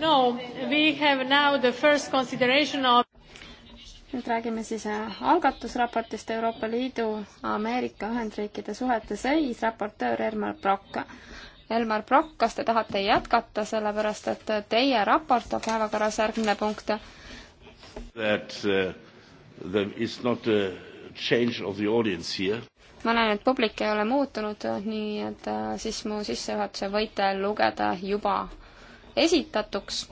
no we have now the first consideration of nüüd räägime siis äh, algatusraportist Euroopa Liidu Ameerika Ühendriikide suhete seis, raportöör Elmar Brokk. Elmar Brokk, kas te tahate jätkata, sellepärast et teie raport on päevakorras järgmine punkt? That uh, there is not a change of the audience here ma näen, et publik ei ole muutunud, nii et äh, siis mu sissejuhatuse võite lugeda juba esitatuks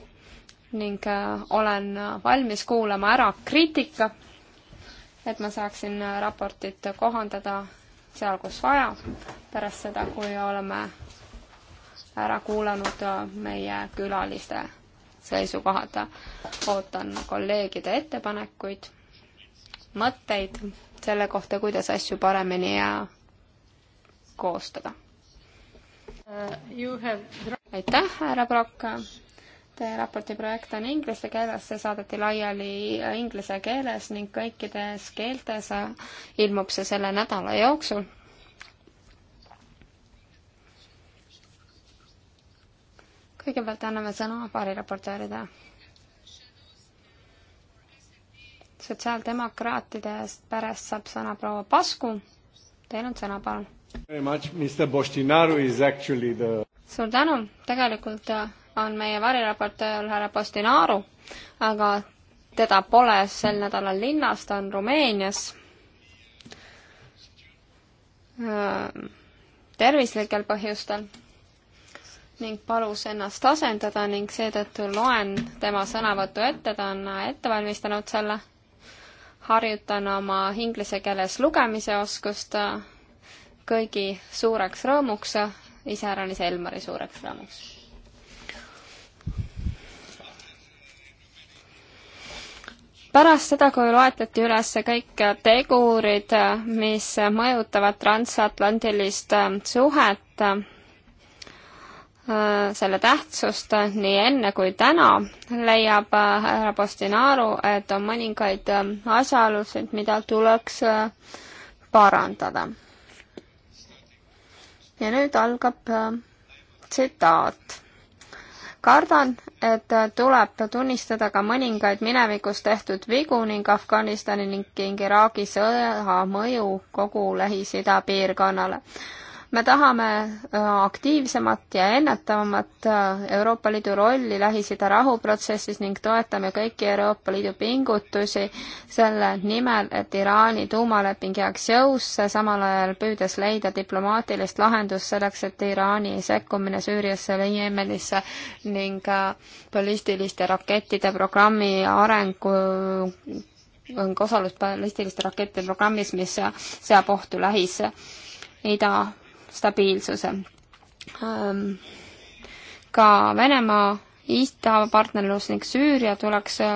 ning äh, olen valmis kuulama ära kriitika, et ma saaksin äh, raportit kohandada seal, kus vaja, pärast seda, kui oleme ära kuulanud äh, meie külaliste seisukohad. ootan kolleegide ettepanekuid, mõtteid selle kohta, kuidas asju paremini koostada Have... aitäh, härra Prokk. Teie raporti projekt on inglise keeles, see saadeti laiali inglise keeles ning kõikides keeltes ilmub see selle nädala jooksul. kõigepealt anname sõna paari raportööridele. sotsiaaldemokraatidest perest saab sõna proua Pasku. Teil on sõna, palun The... suur tänu, tegelikult äh, on meie variraportöör härra Postinaru, aga teda pole sel nädalal linnas, ta on Rumeenias. Äh, tervislikel põhjustel ning palus ennast asendada ning seetõttu loen tema sõnavõtu ette, ta on äh, ette valmistanud selle. harjutan oma inglise keeles lugemise oskust kõigi suureks rõõmuks, iseäranis Elmari suureks rõõmuks. pärast seda, kui loetleti üles kõik tegurid, mis mõjutavad transatlantilist suhet, selle tähtsust nii enne kui täna, leiab härra Postinaru, et on mõningaid asjaolusid, mida tuleks parandada ja nüüd algab äh, tsitaat kardan, et äh, tuleb tunnistada ka mõningaid minevikus tehtud vigu ning Afganistani ning Iraagi sõja mõju kogu Lähis-Ida piirkonnale me tahame äh, aktiivsemat ja ennetavamat äh, Euroopa Liidu rolli Lähis-Ida rahuprotsessis ning toetame kõiki Euroopa Liidu pingutusi selle nimel, et Iraani tuumaleping jääks jõusse, samal ajal püüdes leida diplomaatilist lahendust selleks, et Iraani sekkumine Süüriasse või Jeemenisse ning äh, ballistiliste rakettide programmi arengu osalus ballistiliste rakettide programmis, mis seab ohtu Lähis-Ida stabiilsuse. Ähm, ka Venemaa idapartnerlus ning Süüria tuleks äh,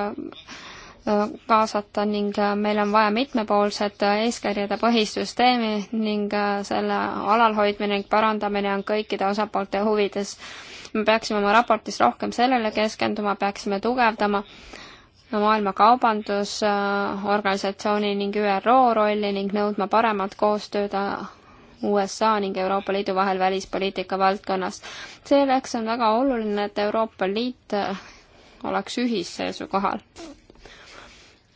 äh, kaasata ning äh, meil on vaja mitmepoolset eeskirjade põhisüsteemi ning selle alalhoidmine ning parandamine on kõikide osapoolte huvides. me peaksime oma raportis rohkem sellele keskenduma, peaksime tugevdama maailma Kaubandusorganisatsiooni ning ÜRO rolli ning nõudma paremat koostööd USA ning Euroopa Liidu vahel välispoliitika valdkonnas. selleks on väga oluline, et Euroopa Liit äh, oleks ühisseisukohal.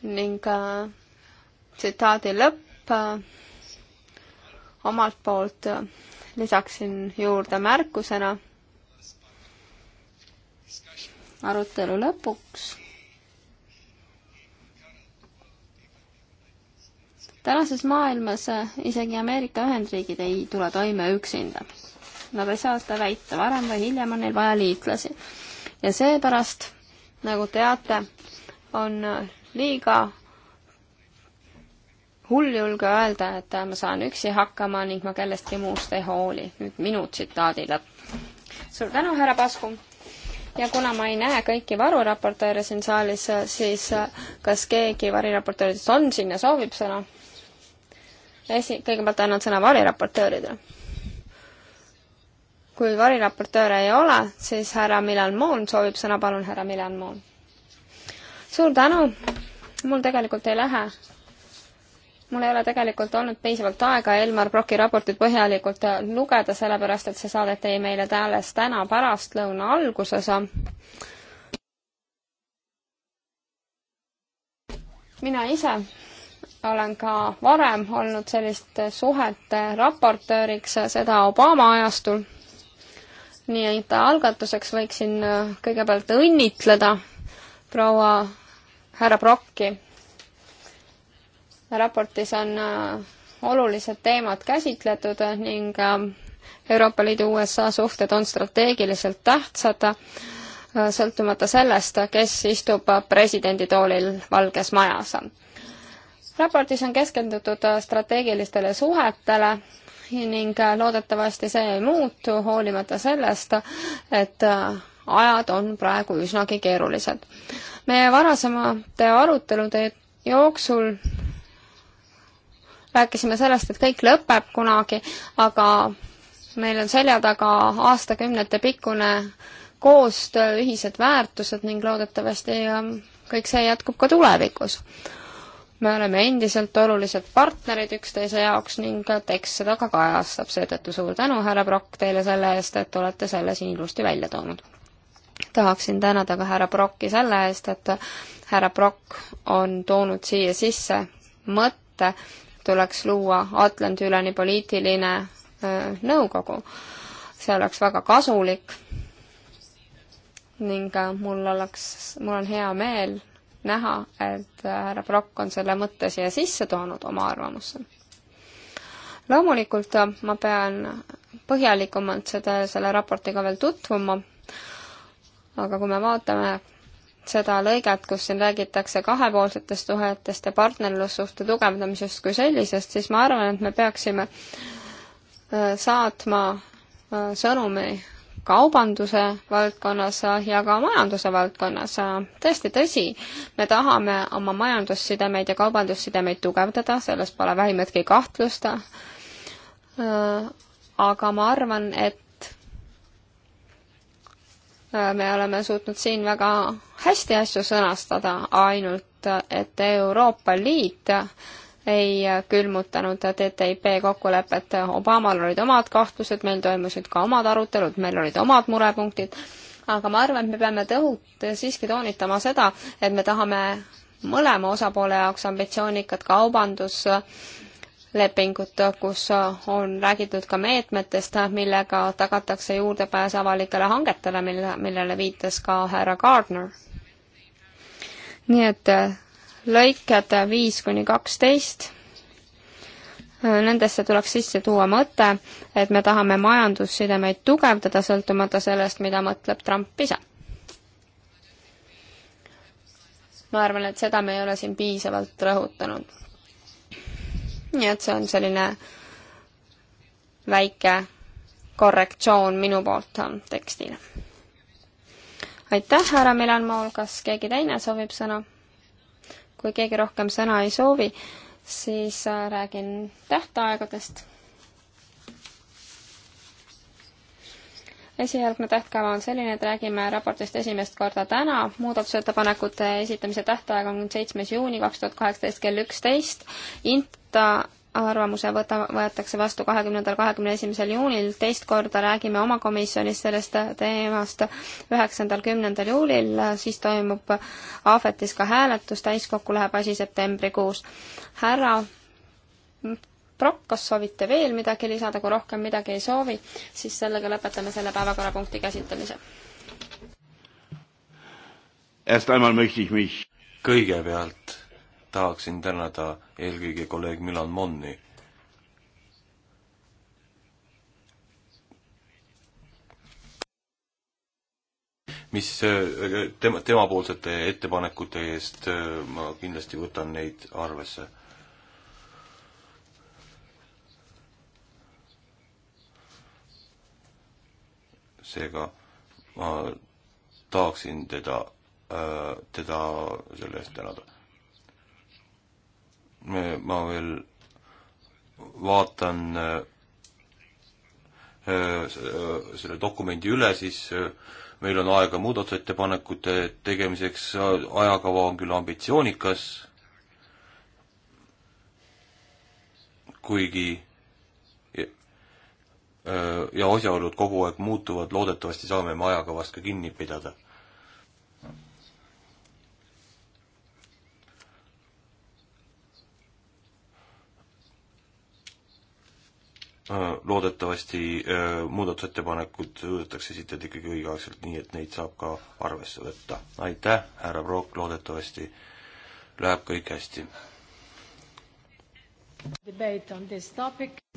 ning äh, tsitaadi lõpp äh, omalt poolt äh, lisaksin juurde märkusena arutelu lõpuks tänases maailmas äh, isegi Ameerika Ühendriigid ei tule toime üksinda. Nad ei saa seda väita, varem või hiljem on neil vaja liitlasi. ja seepärast, nagu teate, on äh, liiga hulljulge öelda, et äh, ma saan üksi hakkama ning ma kellestki muust ei hooli. nüüd minu tsitaadi lõpp. suur tänu, härra Pasku! ja kuna ma ei näe kõiki varuraportööre siin saalis, siis kas keegi variraportööridest on siin ja soovib sõna? esi-, kõigepealt annan sõna variraportööridele. kui variraportööre ei ole, siis härra Milan Moon soovib sõna, palun, härra Milan Moon. suur tänu, mul tegelikult ei lähe mul ei ole tegelikult olnud piisavalt aega Elmar Broki raportit põhjalikult lugeda, sellepärast et see saadeti meile alles täna pärastlõuna alguses. mina ise olen ka varem olnud selliste suhete raportööriks, seda Obama ajastul. nii et algatuseks võiksin äh, kõigepealt õnnitleda proua härra Brocki. raportis on äh, olulised teemad käsitletud ning äh, Euroopa Liidu USA suhted on strateegiliselt tähtsad, sõltumata sellest, kes istub presidenditoolil Valges Majas raportis on keskendutud äh, strateegilistele suhetele ning äh, loodetavasti see ei muutu, hoolimata sellest, et äh, ajad on praegu üsnagi keerulised. meie varasemate arutelude jooksul rääkisime sellest, et kõik lõpeb kunagi, aga meil on selja taga aastakümnete pikkune koostöö, ühised väärtused ning loodetavasti ähm, kõik see jätkub ka tulevikus me oleme endiselt olulised partnerid üksteise jaoks ning tekst seda ka kajastab, seetõttu suur tänu, härra Brock, teile selle eest, et olete selle siin ilusti välja toonud. tahaksin tänada ka härra Brocki selle eest, et härra Brock on toonud siia sisse mõtte, tuleks luua Atlandi-üleni poliitiline öö, nõukogu. see oleks väga kasulik ning äh, mul oleks, mul on hea meel näha, et äh, härra Brock on selle mõtte siia sisse toonud oma arvamusse. loomulikult äh, ma pean põhjalikumalt seda, selle raportiga veel tutvuma, aga kui me vaatame seda lõiget, kus siin räägitakse kahepoolsetest suhetest ja partnerlussuhte tugevdamisest kui sellisest, siis ma arvan, et me peaksime äh, saatma sõnumi kaubanduse valdkonnas ja ka majanduse valdkonnas. tõesti tõsi, me tahame oma majandussidemeid ja kaubandussidemeid tugevdada, selles pole vähimatki kahtlust. aga ma arvan, et me oleme suutnud siin väga hästi asju sõnastada, ainult et Euroopa Liit ei külmutanud TTIP kokkulepet, Obamal olid omad kahtlused, meil toimusid ka omad arutelud, meil olid omad murepunktid, aga ma arvan, et me peame tõhut-, siiski toonitama seda, et me tahame mõlema osapoole jaoks ambitsioonikat kaubandus lepingut, kus on räägitud ka meetmetest, millega tagatakse juurdepääs avalikele hangetele, mille, millele viitas ka härra Gardner. nii et lõiked viis kuni kaksteist, nendesse tuleks sisse tuua mõte, et me tahame majandussidemeid tugevdada, sõltumata sellest, mida mõtleb Trump ise. ma arvan, et seda me ei ole siin piisavalt rõhutanud. nii et see on selline väike korrektsioon minu poolt tekstile. aitäh, härra Milan Mool, kas keegi teine soovib sõna? kui keegi rohkem sõna ei soovi, siis äh, räägin tähtaegadest. esialgne tähtkava on selline, et räägime raportist esimest korda täna, muudatusettepanekute esitamise tähtaeg on seitsmes juuni kaks tuhat kaheksateist kell üksteist, INTA arvamuse võta, võetakse vastu kahekümnendal, kahekümne esimesel juunil, teist korda räägime oma komisjonis sellest teemast üheksandal, kümnendal juulil, siis toimub Ahvetis ka hääletus, täiskokku läheb asi septembrikuus. härra Prokk, kas soovite veel midagi lisada, kui rohkem midagi ei soovi, siis sellega lõpetame selle päevakorrapunkti käsitlemise. kõigepealt tahaksin tänada eelkõige kolleeg Milan Monni. mis äh, tema, temapoolsete ettepanekute eest äh, ma kindlasti võtan neid arvesse seega ma tahaksin teda, äh, teda selle eest tänada ma veel vaatan äh, äh, äh, selle dokumendi üle, siis meil on aega muudatusettepanekute tegemiseks, ajakava on küll ambitsioonikas, kuigi ja asjaolud kogu aeg muutuvad, loodetavasti saame me ajakavast ka kinni pidada Äh, loodetavasti äh, muudatusettepanekud suudetakse esitada ikkagi õigeaegselt, nii et neid saab ka arvesse võtta. aitäh, härra Brock, loodetavasti läheb kõik hästi.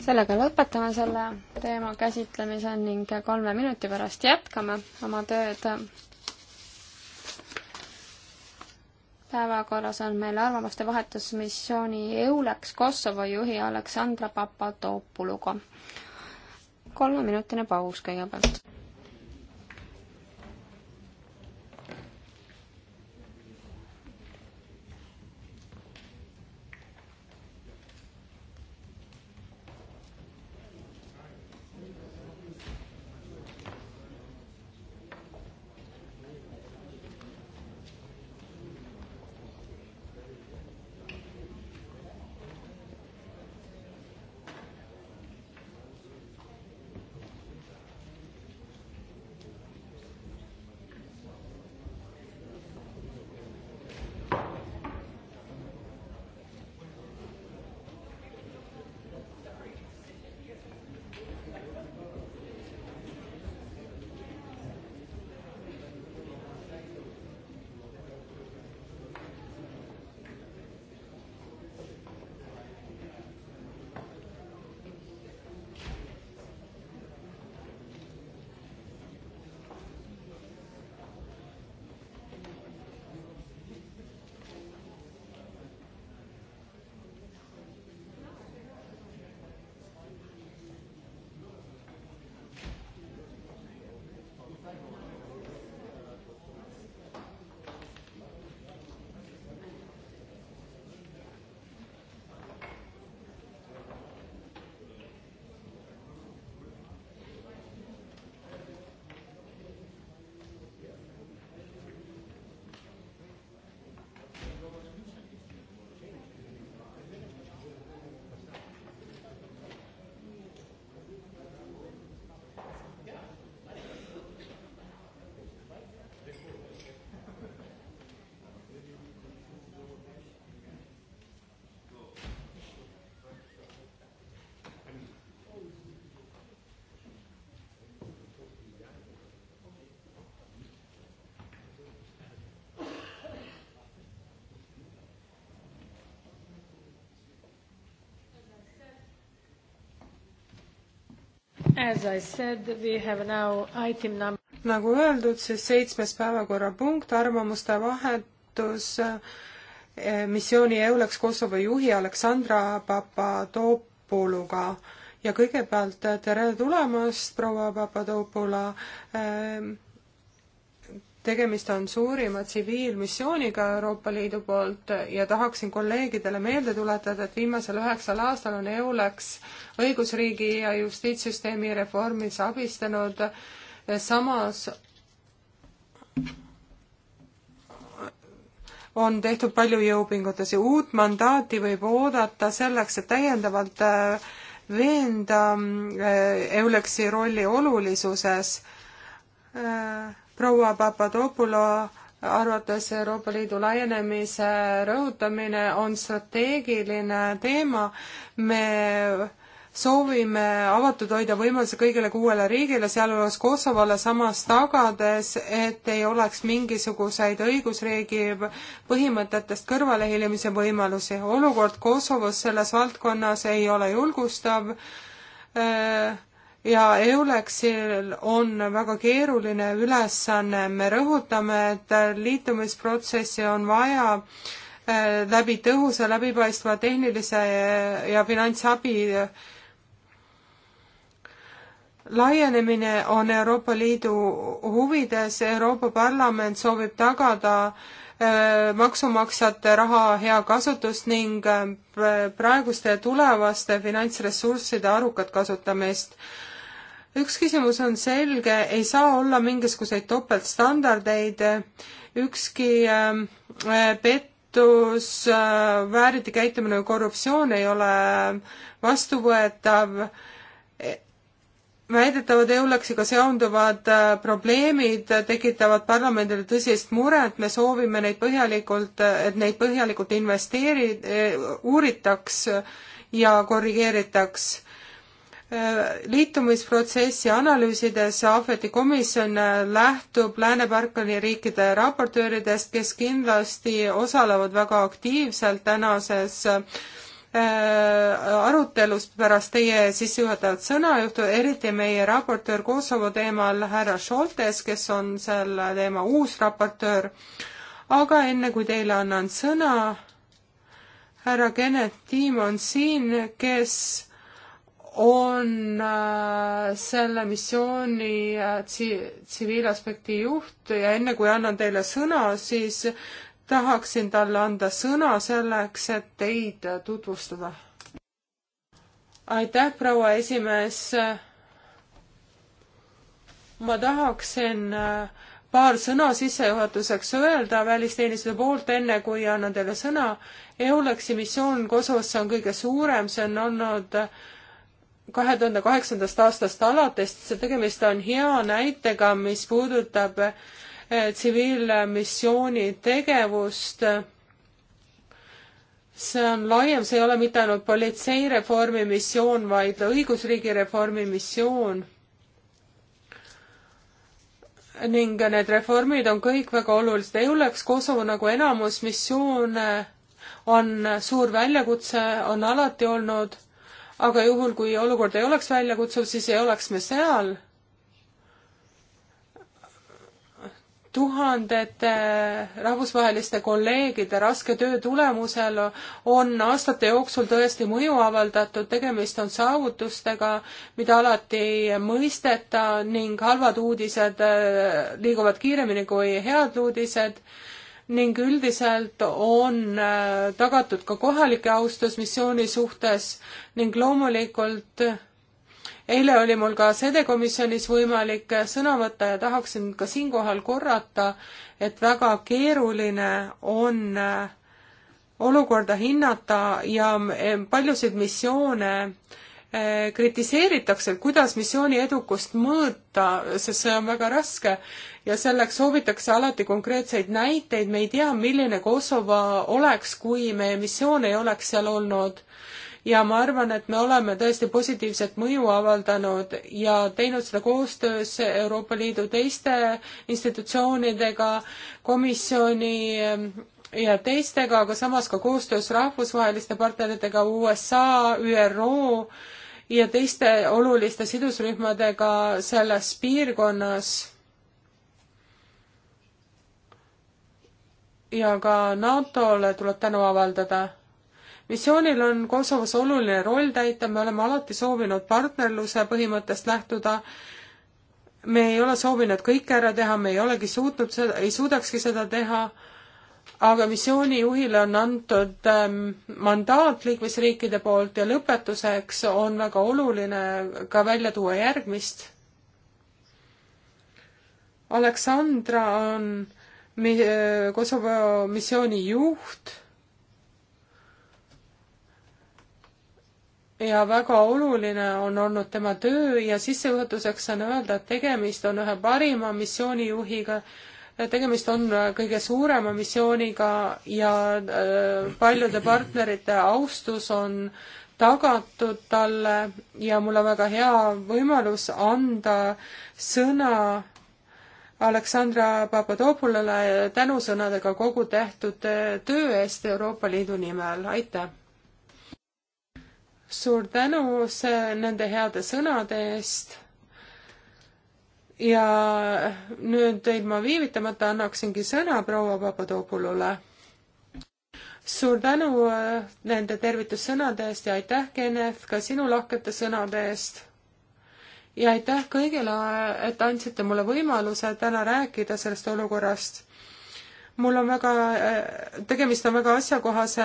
sellega lõpetame selle teema käsitlemise ning kolme minuti pärast jätkame oma tööd päevakorras on meil arvamuste vahetus missiooni EULEX Kosovo juhi Aleksandra Papadopuluga. kolmeminutine paus kõigepealt Number... nagu öeldud, siis seitsmes päevakorrapunkt, arvamuste vahetus eh, missiooni EULEX Kosovo juhi Aleksandra Papadopouluga ja kõigepealt tere tulemast, proua Papadopoulo ähm,. Eh, tegemist on suurima tsiviilmissiooniga Euroopa Liidu poolt ja tahaksin kolleegidele meelde tuletada, et viimasel üheksal aastal on EULEX õigusriigi ja justiitssüsteemi reformis abistanud, samas on tehtud palju jõupingutusi, uut mandaati võib oodata selleks, et täiendavalt äh, veenda äh, EULEX-i rolli olulisuses äh, proua Papadopulo arvates Euroopa Liidu laienemise rõhutamine on strateegiline teema. me soovime avatud hoida võimaluse kõigile kuuele riigile, sealhulgas Kosovole, samas tagades, et ei oleks mingisuguseid õigusriigi põhimõtetest kõrvalehiilimise võimalusi. olukord Kosovos selles valdkonnas ei ole julgustav äh, ja EULEX-il on väga keeruline ülesanne, me rõhutame, et liitumisprotsessi on vaja eh, läbi tõhusa, läbipaistva tehnilise ja finantsabi laienemine on Euroopa Liidu huvides, Euroopa Parlament soovib tagada eh, maksumaksjate raha hea kasutust ning eh, praeguste ja tulevaste finantsressursside arukat kasutamist üks küsimus on selge, ei saa olla mingisuguseid topeltstandardeid, ükski ähm, äh, pettus, äh, vääriti käitumine või korruptsioon ei ole ähm, vastuvõetav, e, väidetavad EULEX-iga seonduvad äh, probleemid tekitavad parlamendile tõsist muret, me soovime neid põhjalikult, et neid põhjalikult investeeri-, e, uuritaks ja korrigeeritaks liitumisprotsessi analüüsides Ahveti komisjon lähtub Lääne-Balkani riikide raportööridest, kes kindlasti osalevad väga aktiivselt tänases äh, arutelus pärast teie sissejuhatavat sõnajuhtu, eriti meie raportöör Kosovo teemal härra Šoltes, kes on selle teema uus raportöör. aga enne kui teile annan sõna, härra Kennet Tiim on siin, kes on äh, selle missiooni äh, tsiviilaspekti juht ja enne kui annan teile sõna, siis tahaksin talle anda sõna selleks, et teid tutvustada. aitäh, proua esimees. ma tahaksin äh, paar sõna sissejuhatuseks öelda välisteenistuse poolt, enne kui annan teile sõna. EULEX-i missioon Kosovosse on kõige suurem, see on olnud äh, kahe tuhande kaheksandast aastast alates, tegemist on hea näitega, mis puudutab eh, tsiviilmissiooni tegevust. see on laiem, see ei ole mitte ainult politseireformi missioon, vaid õigusriigi reformi missioon ning need reformid on kõik väga olulised. EULEX Kosovo nagu enamus missioone on suur väljakutse, on alati olnud aga juhul, kui olukord ei oleks väljakutsuv, siis ei oleks me seal. tuhandete rahvusvaheliste kolleegide raske töö tulemusel on aastate jooksul tõesti mõju avaldatud, tegemist on saavutustega, mida alati ei mõisteta ning halvad uudised äh, liiguvad kiiremini kui head uudised ning üldiselt on äh, tagatud ka kohalike austus missiooni suhtes ning loomulikult eile oli mul ka sedekomisjonis võimalik sõna võtta ja tahaksin ka siinkohal korrata, et väga keeruline on äh, olukorda hinnata ja paljusid missioone äh, Äh, kritiseeritakse, et kuidas missiooni edukust mõõta, sest see on väga raske ja selleks soovitakse alati konkreetseid näiteid, me ei tea, milline Kosovo oleks, kui meie missioon ei oleks seal olnud. ja ma arvan, et me oleme tõesti positiivset mõju avaldanud ja teinud seda koostöös Euroopa Liidu teiste institutsioonidega, komisjoni ähm, ja teistega, aga samas ka koostöös rahvusvaheliste partneritega USA, ÜRO ja teiste oluliste sidusrühmadega selles piirkonnas ja ka NATO-le tuleb tänu avaldada. missioonil on Kosovos oluline roll täita, me oleme alati soovinud partnerluse põhimõttest lähtuda, me ei ole soovinud kõike ära teha, me ei olegi suutnud seda, ei suudakski seda teha aga missioonijuhile on antud ähm, mandaat liikmesriikide poolt ja lõpetuseks on väga oluline ka välja tuua järgmist. Aleksandra on äh, Kosovo missiooni juht ja väga oluline on olnud tema töö ja sissejuhatuseks saan öelda, et tegemist on ühe parima missioonijuhiga, tegemist on äh, kõige suurema missiooniga ja äh, paljude partnerite austus on tagatud talle ja mul on väga hea võimalus anda sõna Aleksandra Papadopolole tänusõnadega kogu tehtud äh, töö eest Euroopa Liidu nimel, aitäh! suur tänu see, nende heade sõnade eest ja nüüd ilma viivitamata annaksingi sõna proua Papadopoulule. suur tänu äh, nende tervitussõnade eest ja aitäh, Kenneth, ka sinu lahkete sõnade eest. ja aitäh kõigile, et andsite mulle võimaluse täna rääkida sellest olukorrast. mul on väga, äh, tegemist on väga asjakohase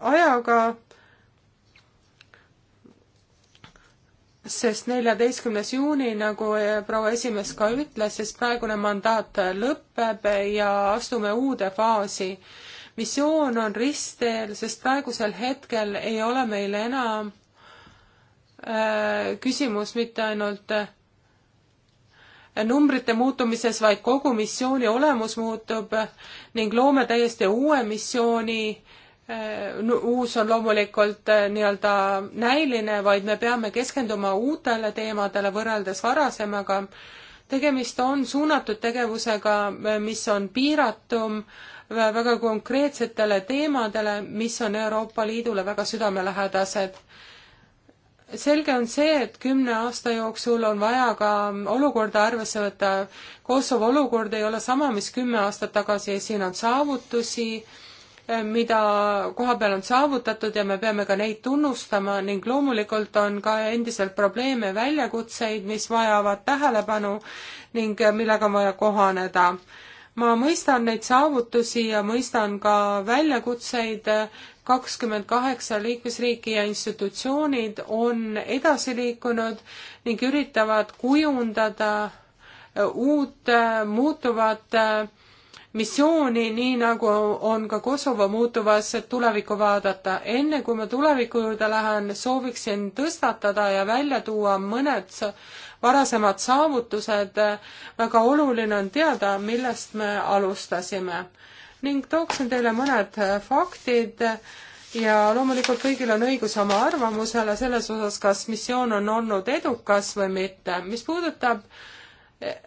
ajaga sest neljateistkümnes juuni, nagu eh, proua esimees ka ütles, sest praegune mandaat lõpeb ja astume uude faasi. missioon on ristteel, sest praegusel hetkel ei ole meil enam äh, küsimus mitte ainult äh, numbrite muutumises, vaid kogu missiooni olemus muutub ning loome täiesti uue missiooni Äh, uus on loomulikult äh, nii-öelda näiline, vaid me peame keskenduma uutele teemadele võrreldes varasemaga. tegemist on suunatud tegevusega, äh, mis on piiratum väga konkreetsetele teemadele, mis on Euroopa Liidule väga südamelähedased. selge on see, et kümne aasta jooksul on vaja ka olukorda arvesse võtta. Kosovo olukord ei ole sama, mis kümme aastat tagasi, siin on saavutusi Äh, mida koha peal on saavutatud ja me peame ka neid tunnustama ning loomulikult on ka endiselt probleeme, väljakutseid, mis vajavad tähelepanu ning äh, millega on vaja kohaneda. ma mõistan neid saavutusi ja mõistan ka väljakutseid, kakskümmend kaheksa liikmesriiki ja institutsioonid on edasi liikunud ning üritavad kujundada äh, uut muutuvat äh, missiooni, nii nagu on ka Kosovo muutuvas tulevikku vaadata. enne kui ma tuleviku juurde lähen, sooviksin tõstatada ja välja tuua mõned varasemad saavutused. väga oluline on teada, millest me alustasime ning tooksin teile mõned faktid ja loomulikult kõigil on õigus oma arvamusele selles osas, kas missioon on olnud edukas või mitte. mis puudutab eh,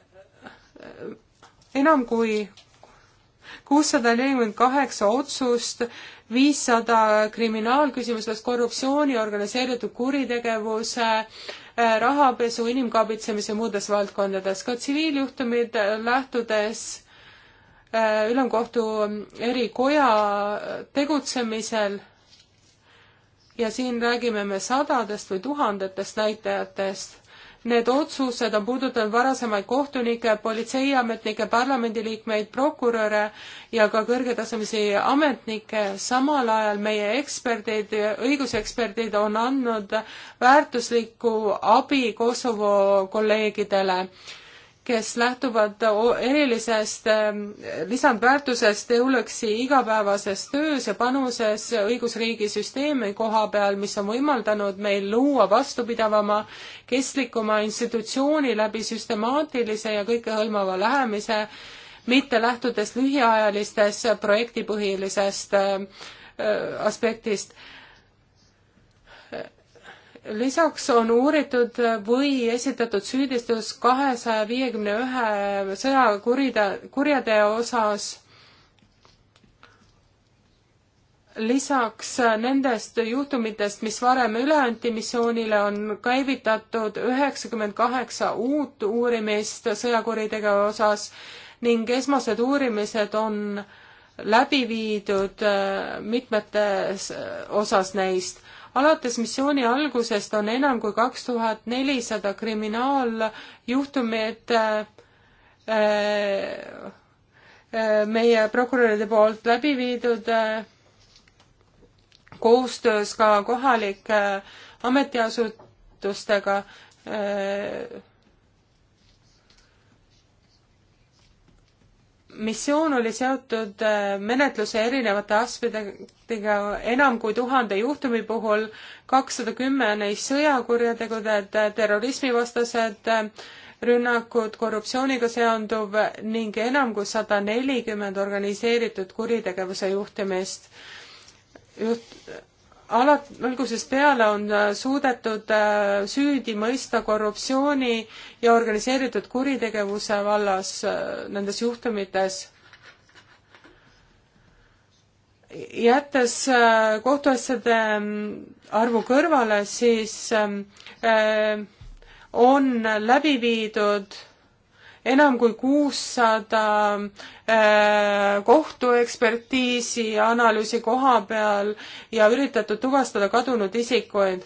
enam kui kuussada nelikümmend kaheksa otsust, viissada kriminaalküsimust, korruptsiooni, organiseeritud kuritegevuse, äh, rahapesu, inimkaabitsemise ja muudes valdkondades, ka tsiviiljuhtumid lähtudes äh, ülemkohtu erikoja tegutsemisel ja siin räägime me sadadest või tuhandetest näitajatest Need otsused on puudutanud varasemaid kohtunikke, politseiametnikke, parlamendiliikmeid, prokuröre ja ka kõrgetasemesi ametnikke. samal ajal meie eksperdid, õiguseksperdid on andnud väärtuslikku abi Kosovo kolleegidele kes lähtuvad erilisest ähm, lisandväärtusest EULEX-i igapäevases töös ja panuses õigusriigi süsteemi koha peal, mis on võimaldanud meil luua vastupidavama, kestlikuma institutsiooni läbi süstemaatilise ja kõikehõlmava lähemise, mitte lähtudes lühiajalistest projektipõhilisest äh, äh, aspektist lisaks on uuritud või esitatud süüdistus kahesaja viiekümne ühe sõjakurida-, kurjateo osas. lisaks nendest juhtumitest, mis varem üle anti missioonile, on käivitatud üheksakümmend kaheksa uut uurimist sõjakuritegevuse osas ning esmased uurimised on läbi viidud äh, mitmetes osas neist alates missiooni algusest on enam kui kaks tuhat nelisada kriminaaljuhtumit äh, äh, äh, meie prokuröride poolt läbi viidud koostöös ka kohalike ametiasutustega missioon oli seotud äh, menetluse erinevate aspektidega enam kui tuhande juhtumi puhul, kakssada kümme neist sõjakurjateguded, äh, terrorismivastased äh, rünnakud, korruptsiooniga seonduv ning enam kui sada nelikümmend organiseeritud kuritegevuse juhtimist, juht-, alat-, algusest peale on äh, suudetud äh, süüdi mõista korruptsiooni ja organiseeritud kuritegevuse vallas äh, nendes juhtumites. jättes kohtuasjade mm, arvu kõrvale, siis mm, on läbi viidud enam kui kuussada äh, kohtuekspertiisi analüüsi koha peal ja üritatud tuvastada kadunud isikuid.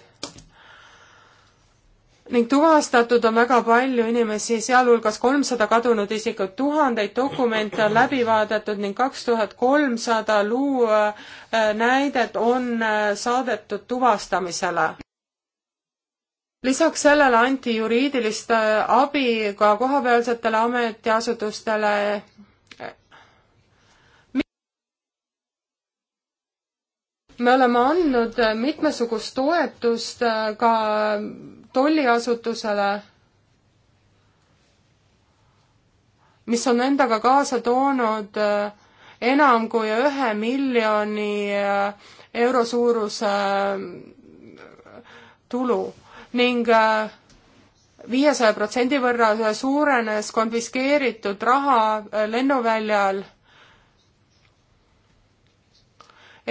ning tuvastatud on väga palju inimesi, sealhulgas kolmsada kadunud isikut, tuhandeid dokumente on läbi vaadatud ning kaks tuhat kolmsada luu äh, näidet on äh, saadetud tuvastamisele lisaks sellele anti juriidilist äh, abi ka kohapealsetele ametiasutustele. me oleme andnud mitmesugust toetust äh, ka tolliasutusele, mis on endaga kaasa toonud äh, enam kui ühe miljoni euro suuruse tulu ning äh, viiesaja protsendi võrra suurenes konfiskeeritud raha äh, lennuväljal.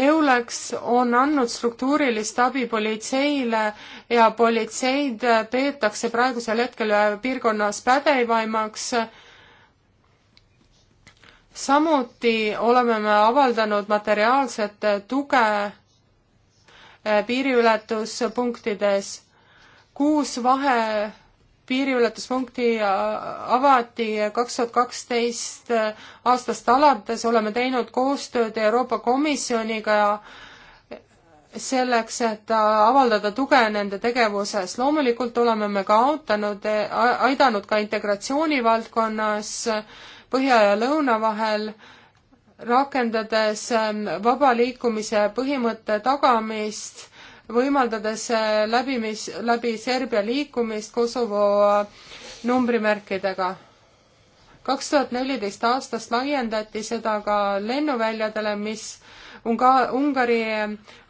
Eulex on andnud struktuurilist abi politseile ja politseid äh, peetakse praegusel hetkel piirkonnas pädevaimaks samuti oleme me avaldanud materiaalset tuge piiriületuspunktides kuus vahe piiriületuspunkti avati kaks tuhat kaksteist aastast alates, oleme teinud koostööd Euroopa Komisjoniga selleks, et avaldada tuge nende tegevuses. loomulikult oleme me ka autanud, aidanud ka integratsiooni valdkonnas põhja ja lõuna vahel, rakendades vaba liikumise põhimõtte tagamist võimaldades äh, läbimis, läbi Serbia liikumist Kosovo äh, numbrimärkidega. kaks tuhat neliteist aastast laiendati seda ka lennuväljadele, mis Unga-, Ungari,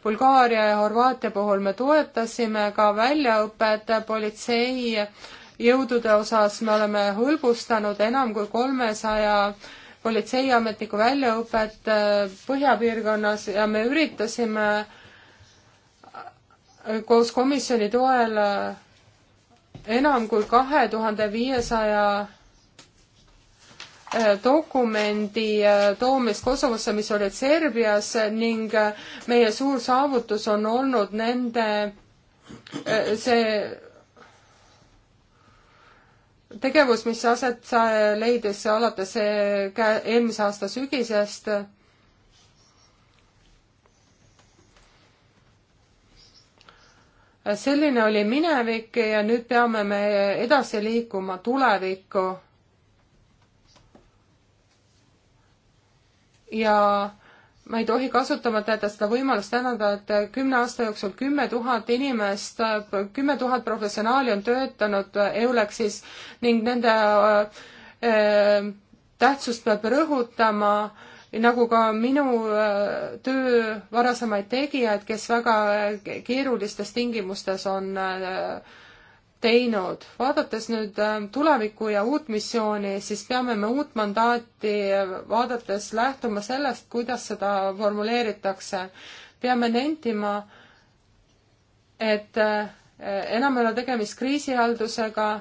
Bulgaaria ja Horvaatia puhul me toetasime ka väljaõpet politseijõudude osas, me oleme hõlbustanud enam kui kolmesaja politseiametniku väljaõpet äh, põhjapiirkonnas ja me üritasime äh, koos komisjoni toel enam kui kahe tuhande viiesaja eh, dokumendi eh, toomist Kosovosse, mis olid Serbias ning eh, meie suur saavutus on olnud nende see tegevus, mis aset leidis alates eelmise aasta sügisest selline oli minevik ja nüüd peame me edasi liikuma tulevikku. ja ma ei tohi kasutamata jätta seda võimalust tänada, et kümne aasta jooksul kümme tuhat inimest, kümme tuhat professionaali on töötanud EULEX-is ning nende äh, äh, tähtsust peab rõhutama äh, nagu ka minu äh, töö varasemaid tegijaid, kes väga äh, keerulistes tingimustes on äh, teinud. vaadates nüüd tulevikku ja uut missiooni, siis peame me uut mandaati vaadates lähtuma sellest, kuidas seda formuleeritakse. peame nentima, et enam ei ole tegemist kriisihaldusega,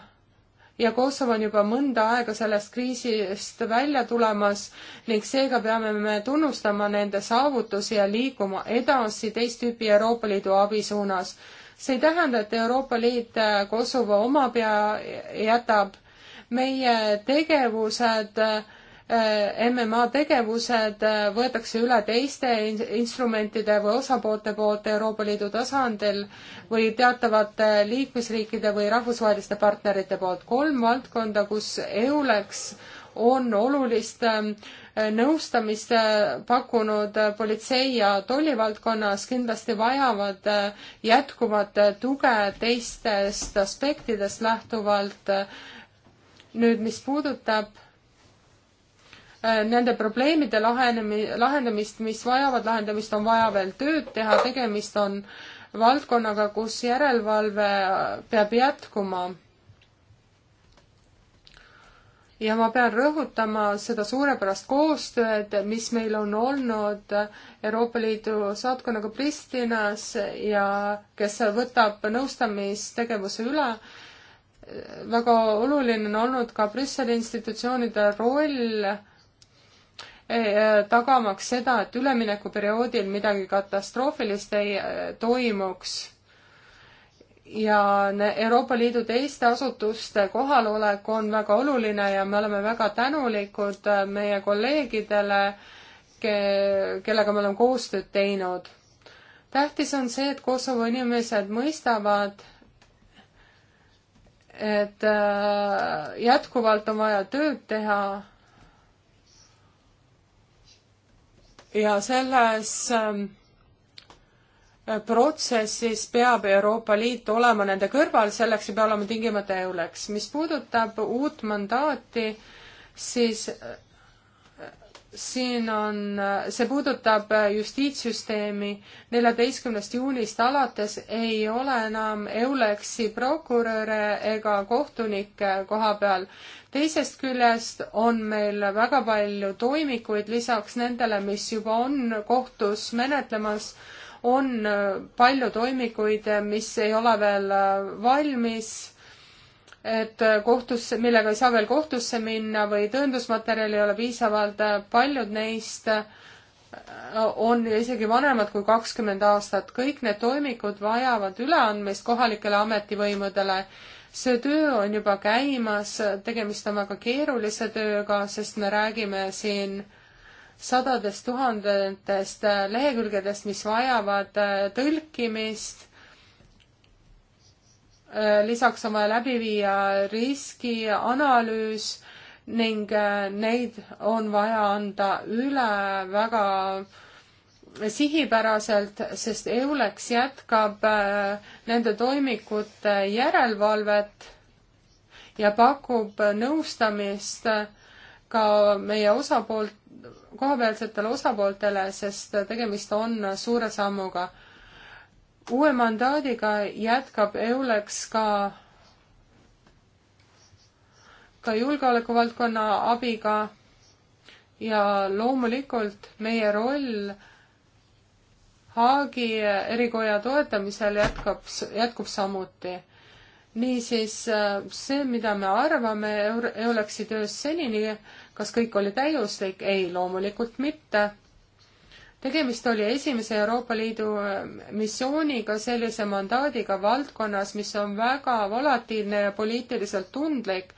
ja Kosovo on juba mõnda aega sellest kriisist välja tulemas ning seega peame me tunnustama nende saavutusi ja liikuma edasi teist tüüpi Euroopa Liidu abi suunas. see ei tähenda, et Euroopa Liit äh, Kosovo oma pea jätab. meie tegevused äh, Äh, MMA tegevused äh, võetakse üle teiste instrumentide või osapoolte poolt Euroopa Liidu tasandil või teatavate liikmesriikide või rahvusvaheliste partnerite poolt. kolm valdkonda, kus EULEX on olulist ähm, nõustamist äh, pakkunud politsei ja tollivaldkonnas, kindlasti vajavad jätkuvat tuge teistest aspektidest lähtuvalt. nüüd, mis puudutab Äh, nende probleemide lahenemi-, lahendamist, mis vajavad lahendamist, on vaja veel tööd teha, tegemist on valdkonnaga, kus järelevalve äh, peab jätkuma. ja ma pean rõhutama seda suurepärast koostööd, mis meil on olnud Euroopa Liidu saatkonnaga Pristinas ja kes võtab nõustamistegevuse üle äh, väga oluline on olnud ka Brüsseli institutsioonide roll Äh, tagamaks seda, et üleminekuperioodil midagi katastroofilist ei äh, toimuks ja Euroopa Liidu teiste asutuste kohalolek on väga oluline ja me oleme väga tänulikud äh, meie kolleegidele, kellega me oleme koostööd teinud. tähtis on see, et Kosovo inimesed mõistavad, et jätkuvalt on vaja tööd teha ja selles ähm, äh, protsessis peab Euroopa Liit olema nende kõrval, selleks ei pea olema tingimata EULEX. mis puudutab uut mandaati, siis äh, siin on, äh, see puudutab justiitssüsteemi. neljateistkümnest juunist alates ei ole enam EULEX-i prokuröre ega kohtunikke koha peal teisest küljest on meil väga palju toimikuid lisaks nendele, mis juba on kohtus menetlemas, on äh, palju toimikuid, äh, mis ei ole veel äh, valmis, et kohtusse, millega ei saa veel kohtusse minna või tõendusmaterjali ei ole piisavalt, paljud neist on isegi vanemad kui kakskümmend aastat. kõik need toimikud vajavad üleandmist kohalikele ametivõimudele see töö on juba käimas, tegemist on väga keerulise tööga, sest me räägime siin sadadest tuhandetest lehekülgedest, mis vajavad äh, tõlkimist. Äh, lisaks on vaja läbi viia riskianalüüs ning äh, neid on vaja anda üle väga äh, sihipäraselt, sest EULEX jätkab äh, nende toimikute järelevalvet ja pakub nõustamist äh, ka meie osapoolt, kohapealsetele osapooltele, sest äh, tegemist on suure sammuga. uue mandaadiga jätkab EULEX ka ka julgeolekuvaldkonna abiga ja loomulikult meie roll Haagi erikoja toetamisel jätkab, jätkub samuti. niisiis äh, see, mida me arvame EULEX-i tööst senini, kas kõik oli täiuslik? ei, loomulikult mitte. tegemist oli esimese Euroopa Liidu äh, missiooniga sellise mandaadiga valdkonnas, mis on väga volatiilne ja poliitiliselt tundlik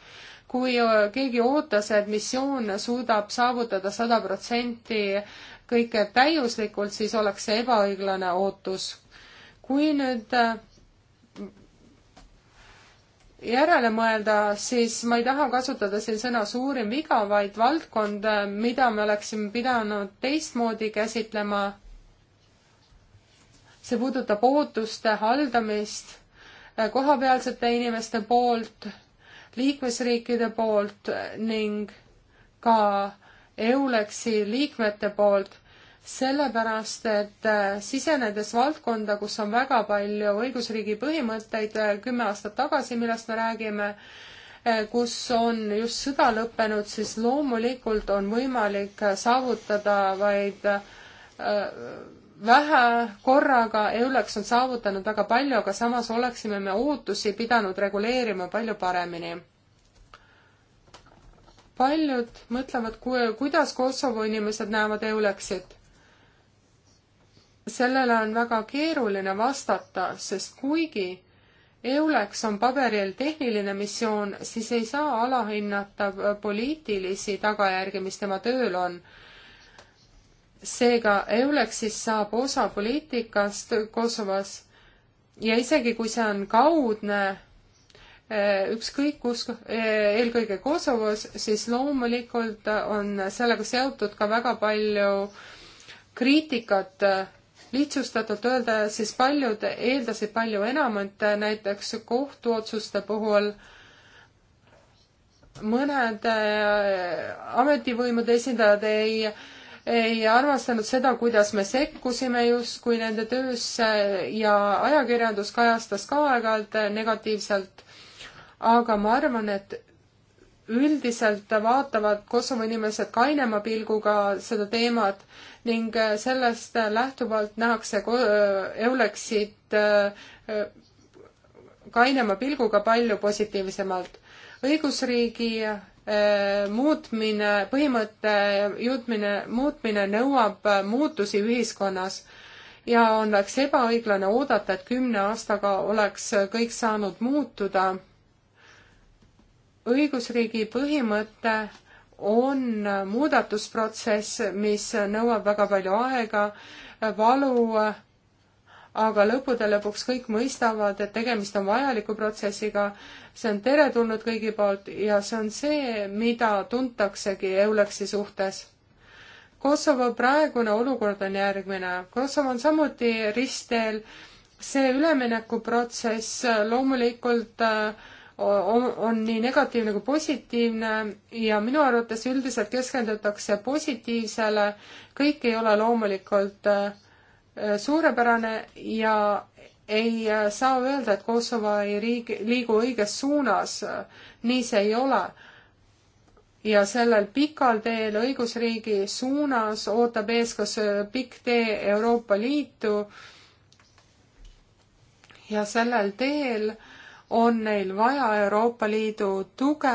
kui äh, keegi ootas, et missioon suudab saavutada sada protsenti kõike täiuslikult, siis oleks see ebaõiglane ootus. kui nüüd äh, järele mõelda, siis ma ei taha kasutada siin sõna suurim viga, vaid valdkond, äh, mida me oleksime pidanud teistmoodi käsitlema. see puudutab ootuste haldamist äh, kohapealsete inimeste poolt, liikmesriikide poolt ning ka EULEX-i liikmete poolt sellepärast, et äh, sisenedes valdkonda, kus on väga palju õigusriigi põhimõtteid äh, kümme aastat tagasi, millest me räägime, äh, kus on just sõda lõppenud, siis loomulikult on võimalik saavutada vaid vähe korraga, EULEX on saavutanud väga palju, aga samas oleksime me ootusi pidanud reguleerima palju paremini. paljud mõtlevad, kuidas Kosovo inimesed näevad EULEX-it sellele on väga keeruline vastata, sest kuigi EULEX on paberil tehniline missioon, siis ei saa alahinnata poliitilisi tagajärgi, mis tema tööl on. seega EULEX-is saab osa poliitikast Kosovos ja isegi kui see on kaudne, eh, ükskõik kus, eh, eelkõige Kosovos, siis loomulikult on sellega seotud ka väga palju kriitikat eh, lihtsustatult öelda, siis paljud eeldasid palju enamat, näiteks kohtuotsuste puhul mõned äh, ametivõimude esindajad ei ei armastanud seda, kuidas me sekkusime justkui nende töösse ja ajakirjandus kajastas ka aeg-ajalt negatiivselt. aga ma arvan, et üldiselt vaatavad Kosovo inimesed kainema pilguga seda teemat ning äh, sellest äh, lähtuvalt nähakse äh, Euleksit kainema pilguga palju positiivsemalt. õigusriigi muutmine, põhimõtte juutmine, muutmine nõuab muutusi ühiskonnas ja oleks ebaõiglane oodata, et kümne aastaga oleks kõik saanud muutuda õigusriigi põhimõte on muudatusprotsess, mis nõuab väga palju aega, valu, aga lõppude lõpuks kõik mõistavad, et tegemist on vajaliku protsessiga, see on teretulnud kõigi poolt ja see on see, mida tuntaksegi EULEX-i suhtes. Kosovo praegune olukord on järgmine. Kosovo on samuti ristteel. see üleminekuprotsess loomulikult äh, on nii negatiivne kui positiivne ja minu arvates üldiselt keskendutakse positiivsele, kõik ei ole loomulikult äh, suurepärane ja ei äh, saa öelda, et Kosovo ei riigi, liigu õiges suunas, nii see ei ole. ja sellel pikal teel õigusriigi suunas ootab ees kas pikk tee Euroopa Liitu ja sellel teel äh, on neil vaja Euroopa Liidu tuge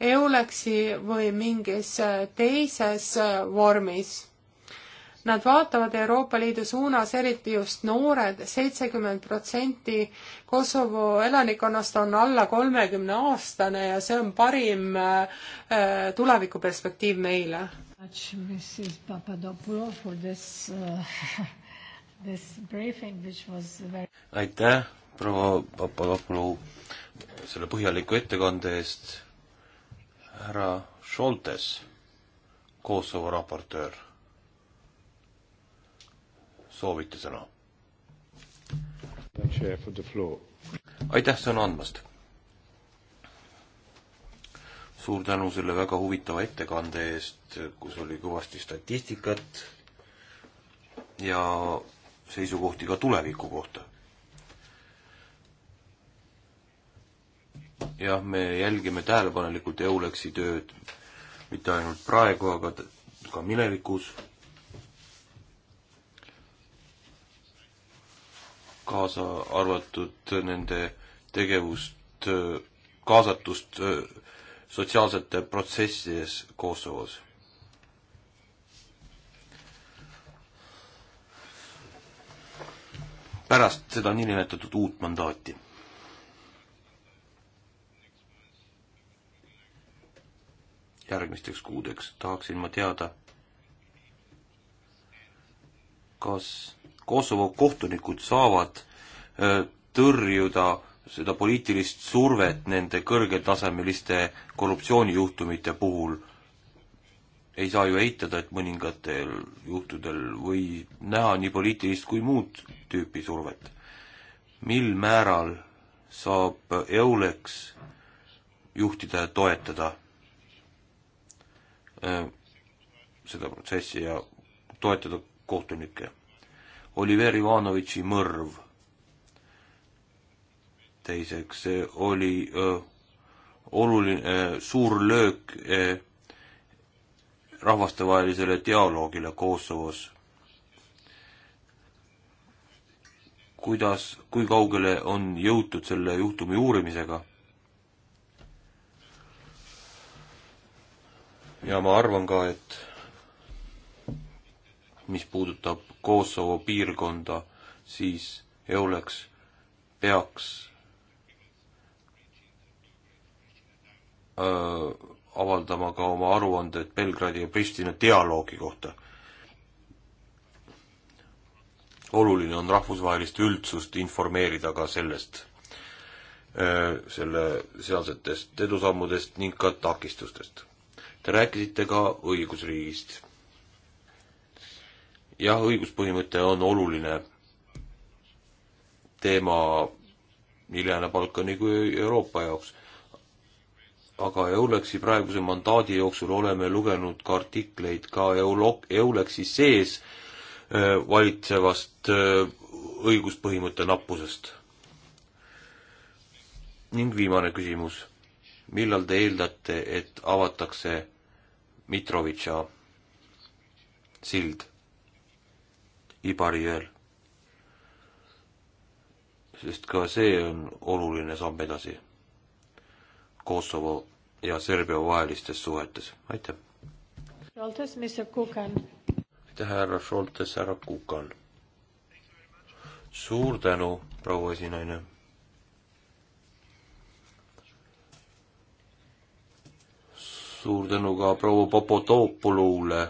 EULEX-i või mingis teises vormis. Nad vaatavad Euroopa Liidu suunas, eriti just noored, seitsekümmend protsenti Kosovo elanikkonnast on alla kolmekümne aastane ja see on parim äh, tulevikuperspektiiv meile. Uh, aitäh proua Papadopoulou selle põhjaliku ettekande eest. härra Šoltes, Kosovo raportöör, soovite sõna? aitäh sõna andmast! suur tänu selle väga huvitava ettekande eest, kus oli kõvasti statistikat ja seisukohti ka tuleviku kohta. jah, me jälgime tähelepanelikult EULEX-i tööd, mitte ainult praegu, aga ka minevikus. kaasa arvatud nende tegevust, kaasatust sotsiaalsete protsessides Kosovos. pärast seda niinimetatud uut mandaati järgmisteks kuudeks, tahaksin ma teada, kas Kosovo kohtunikud saavad tõrjuda seda poliitilist survet nende kõrgetasemeliste korruptsioonijuhtumite puhul. ei saa ju eitada, et mõningatel juhtudel või näha nii poliitilist kui muud tüüpi survet. mil määral saab EULEX juhtida ja toetada Äh, seda protsessi ja toetada kohtunikke. Oliver Ivanovitši mõrv. teiseks, see oli öö, äh, oluline öö, äh, suur löök öö, rahvastevahelisele dialoogile Kosovos. kuidas, kui kaugele on jõutud selle juhtumi uurimisega? ja ma arvan ka, et mis puudutab Kosovo piirkonda, siis EULEX peaks öö, avaldama ka oma aruanded Belgradi ja Pristina dialoogi kohta. oluline on rahvusvahelist üldsust informeerida ka sellest, selle sealsetest edusammudest ning ka takistustest Te rääkisite ka õigusriigist. jah, õiguspõhimõte on oluline teema nii Lääne-Balkani kui Euroopa jaoks. aga EULEX-i praeguse mandaadi jooksul oleme lugenud ka artikleid ka EULOK-, EULEX-i sees äh, valitsevast äh, õiguspõhimõtte nappusest. ning viimane küsimus millal te eeldate, et avatakse Mitrovitša sild Ibari jõel? sest ka see on oluline samm edasi Kosovo ja Serbia vahelistes suhetes, aitäh! aitäh, härra Šoltes, härra Kukan! suur tänu, proua esinaine! suur tänu ka proua Papadopoulule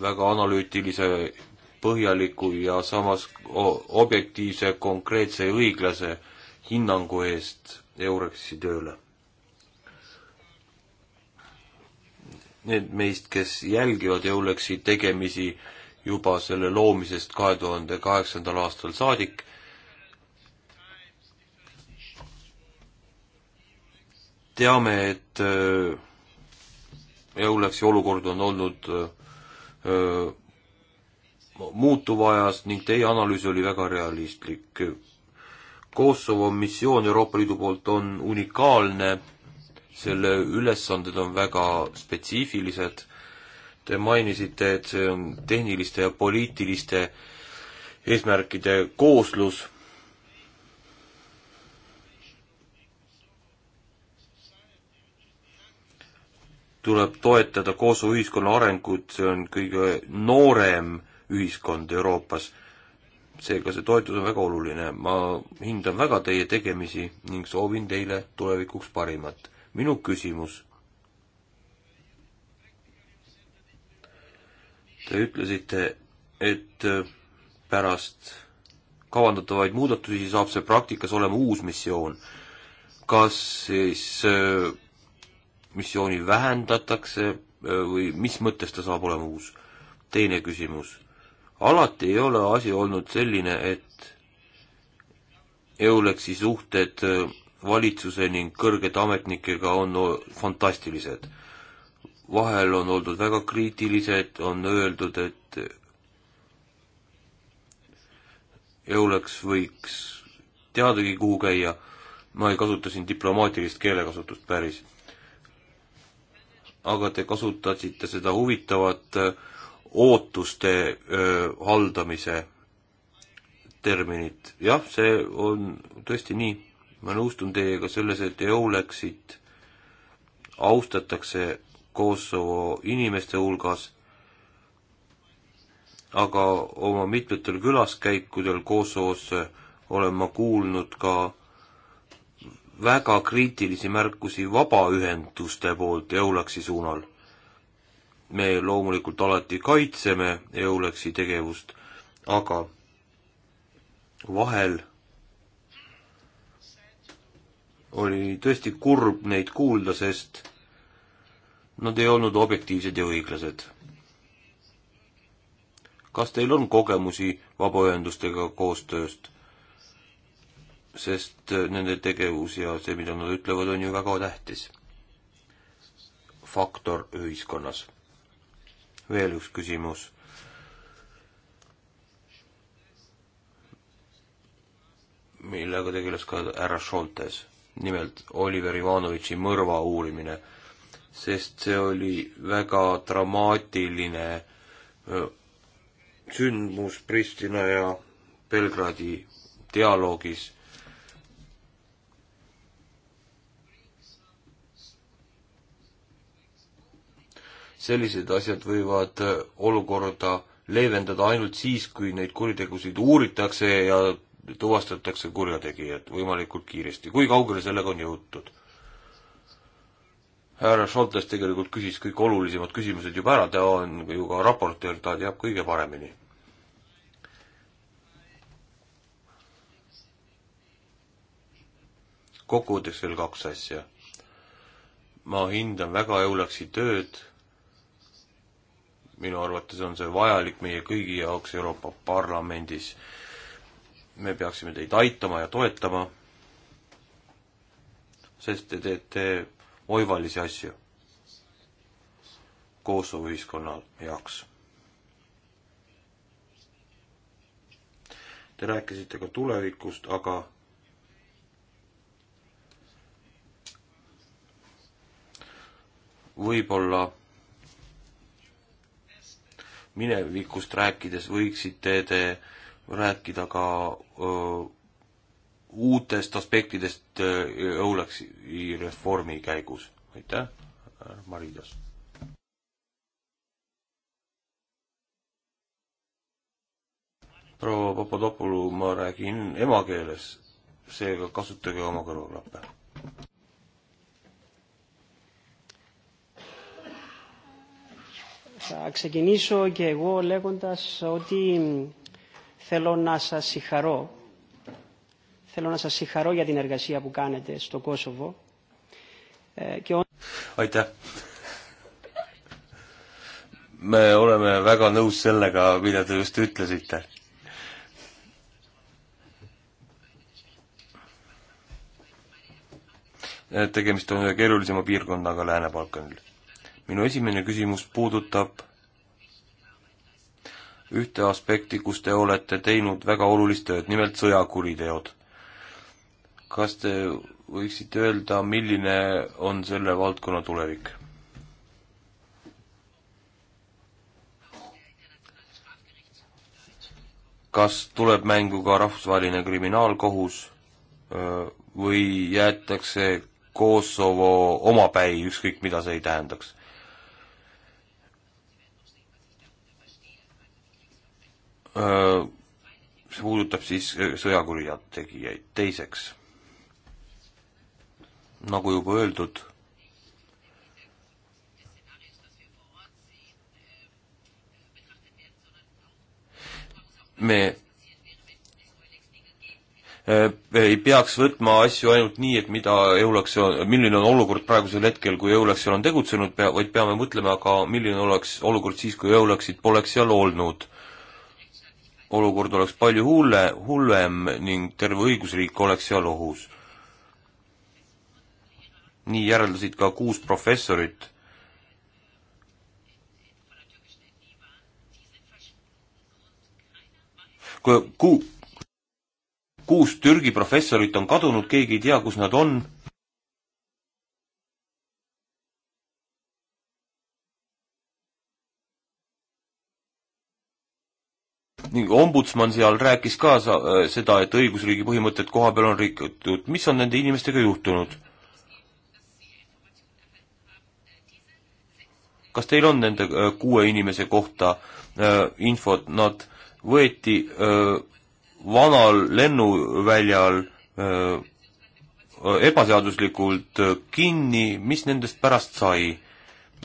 väga analüütilise, põhjaliku ja samas objektiivse, konkreetse ja õiglase hinnangu eest Eurexi tööle. Need meist, kes jälgivad Eurexi tegemisi juba selle loomisest kahe tuhande kaheksandal aastal saadik, teame, et äh, EULEX-i olukord on olnud öö, muutuva ajas ning teie analüüs oli väga realistlik. Kosovo missioon Euroopa Liidu poolt on unikaalne, selle ülesanded on väga spetsiifilised, te mainisite, et see on tehniliste ja poliitiliste eesmärkide kooslus tuleb toetada Kosovo ühiskonna arengut, see on kõige noorem ühiskond Euroopas. seega see toetus on väga oluline, ma hindan väga teie tegemisi ning soovin teile tulevikuks parimat. minu küsimus. Te ütlesite, et pärast kavandatavaid muudatusi saab see praktikas olema uus missioon. kas siis äh, missiooni vähendatakse äh, või mis mõttes ta saab olema uus? teine küsimus. alati ei ole asi olnud selline, et EULEX-i suhted äh, valitsuse ning kõrgete ametnikega on fantastilised. vahel on oldud väga kriitilised, on öeldud, et äh, EULEX võiks teadagi, kuhu käia, ma ei kasuta siin diplomaatilist keelekasutust päris aga te kasutasite seda huvitavat äh, ootuste öö, äh, haldamise terminit. jah, see on tõesti nii. ma nõustun teiega selles, et EULEX-it austatakse Kosovo inimeste hulgas, aga oma mitmetel külaskäikudel Kosovosse olen ma kuulnud ka väga kriitilisi märkusi vabaühenduste poolt EULAX-i suunal. me loomulikult alati kaitseme EULAX-i tegevust, aga vahel oli tõesti kurb neid kuulda, sest nad ei olnud objektiivsed ja õiglased. kas teil on kogemusi vabaühendustega koostööst? sest äh, nende tegevus ja see, mida nad ütlevad, on ju väga tähtis faktor ühiskonnas. veel üks küsimus. millega tegeles ka härra Šoltes, nimelt Oliver Ivanovitši mõrva uurimine, sest see oli väga dramaatiline äh, sündmus Pristina ja Belgradi dialoogis sellised asjad võivad äh, olukorda leevendada ainult siis, kui neid kuritegusid uuritakse ja tuvastatakse kurjategijad võimalikult kiiresti. kui kaugele sellega on jõutud? härra Šoltes tegelikult küsis kõik olulisemad küsimused juba ära, ta on ju ka raportöör, ta teab kõige paremini. kokkuvõtteks veel kaks asja. ma hindan väga Eulaksi tööd minu arvates on see vajalik meie kõigi jaoks Euroopa Parlamendis. me peaksime teid aitama ja toetama, sest te teete oivalisi asju Kosovo ühiskonna jaoks. Te rääkisite ka tulevikust, aga võib-olla minevikust rääkides võiksite te rääkida ka öö, uutest aspektidest Euleksi reformi käigus. aitäh, Maridas. proua Papadopoulou, ma räägin emakeeles, seega kasutage oma kõrvaklappe. Θα ξεκινήσω και εγώ λέγοντας ότι θέλω να σας συγχαρώ. Θέλω να σας συγχαρώ για την εργασία που κάνετε στο Κόσοβο. Και... Aitäh! me oleme väga nõus sellega, mida te just ütlesite tegemist on ühe keerulisema piirkonnaga Lääne-Balkanil minu esimene küsimus puudutab ühte aspekti, kus te olete teinud väga olulist tööd, nimelt sõjakuriteod. kas te võiksite öelda, milline on selle valdkonna tulevik? kas tuleb mängu ka rahvusvaheline kriminaalkohus või jäetakse Kosovo omapäi, ükskõik mida see ei tähendaks? Äh, see puudutab siis äh, sõjakurjategijaid. teiseks, nagu juba öeldud, me äh, ei peaks võtma asju ainult nii, et mida EULAX, milline on olukord praegusel hetkel, kui EULAX-il on tegutsenud, pea, vaid peame mõtlema ka, milline oleks olukord siis, kui EULAX-it poleks seal olnud olukord oleks palju hulle, hullem ning terve õigusriik oleks seal ohus. nii järeldasid ka kuus professorit. kui ku-, kuus Türgi professorit on kadunud, keegi ei tea, kus nad on ning ombudsman seal rääkis ka sa-, äh, seda, et õigusriigi põhimõtted koha peal on rikutud, mis on nende inimestega juhtunud? kas teil on nende äh, kuue inimese kohta äh, infot, nad võeti äh, vanal lennuväljal äh, äh ebaseaduslikult kinni, mis nendest pärast sai?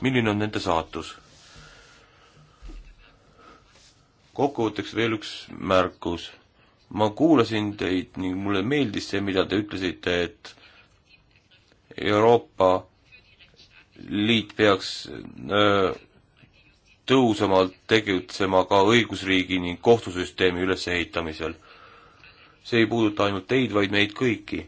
milline on nende saatus? kokkuvõtteks veel üks märkus. ma kuulasin teid ning mulle meeldis see, mida te ütlesite, et Euroopa Liit peaks öö, äh, tõhusamalt tegutsema ka õigusriigi ning kohtusüsteemi ülesehitamisel. see ei puuduta ainult teid, vaid meid kõiki.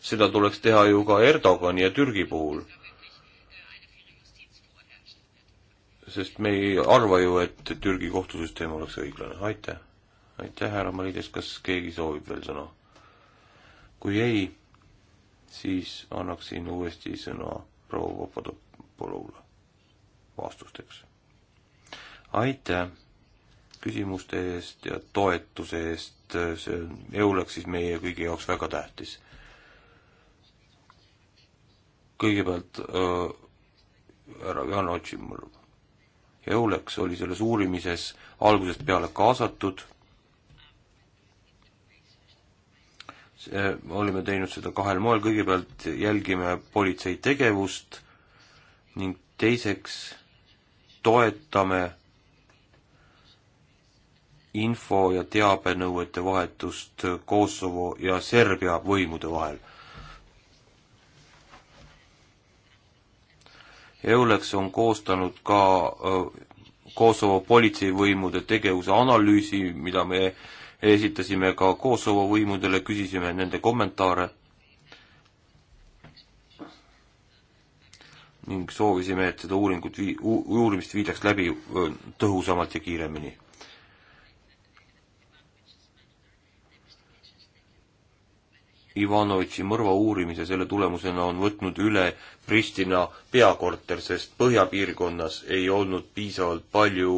seda tuleks teha ju ka Erdogani ja Türgi puhul sest me ei arva ju, et Türgi kohtusüsteem oleks õiglane. aitäh. aitäh, härra Marides, kas keegi soovib veel sõna? kui ei, siis annaksin uuesti sõna proua Papadopoulule vastusteks. aitäh küsimuste eest ja toetuse eest, see on EULEX-is meie kõigi jaoks väga tähtis. kõigepealt äh, härra Jaan Otsimõrv Euleks oli selles uurimises algusest peale kaasatud, äh, olime teinud seda kahel moel, kõigepealt jälgime politsei tegevust ning teiseks toetame info- ja teabenõuete vahetust Kosovo ja Serbia võimude vahel EULEX on koostanud ka äh, Kosovo politseivõimude tegevuse analüüsi, mida me esitasime ka Kosovo võimudele, küsisime nende kommentaare ning soovisime, et seda uuringut vii-, uurimist viidaks läbi äh, tõhusamalt ja kiiremini Ivanovitši mõrva uurimise selle tulemusena on võtnud üle Pristina peakorter, sest põhjapiirkonnas ei olnud piisavalt palju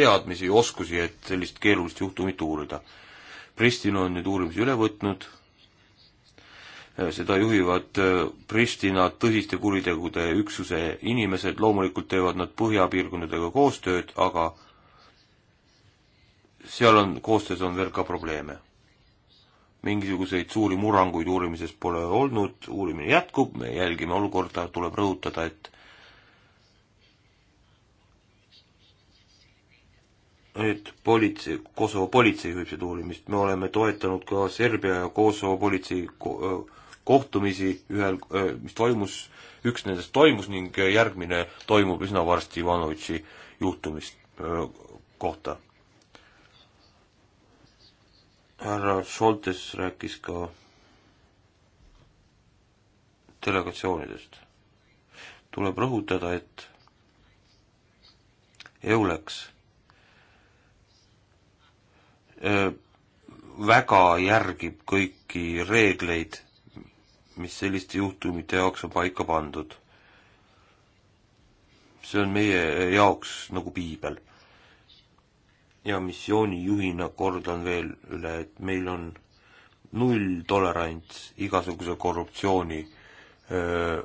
teadmisi ja oskusi, et sellist keerulist juhtumit uurida. Pristina on nüüd uurimise üle võtnud, seda juhivad Pristina tõsiste kuritegude üksuse inimesed, loomulikult teevad nad põhjapiirkondadega koostööd, aga seal on, koostöös on veel ka probleeme mingisuguseid suuri murranguid uurimises pole olnud, uurimine jätkub, me jälgime olukorda, tuleb rõhutada, et et politsei, Kosovo politsei juhib seda uurimist, me oleme toetanud ka Serbia ja Kosovo politsei ko kohtumisi ühel, mis toimus, üks nendest toimus ning järgmine toimub üsna varsti Ivanovitši juhtumist kohta härra Šoltes rääkis ka delegatsioonidest. tuleb rõhutada, et EULEX äh, väga järgib kõiki reegleid, mis selliste juhtumite jaoks on paika pandud. see on meie jaoks nagu piibel ja missioonijuhina kordan veel üle, et meil on nulltolerants igasuguse korruptsiooni öö,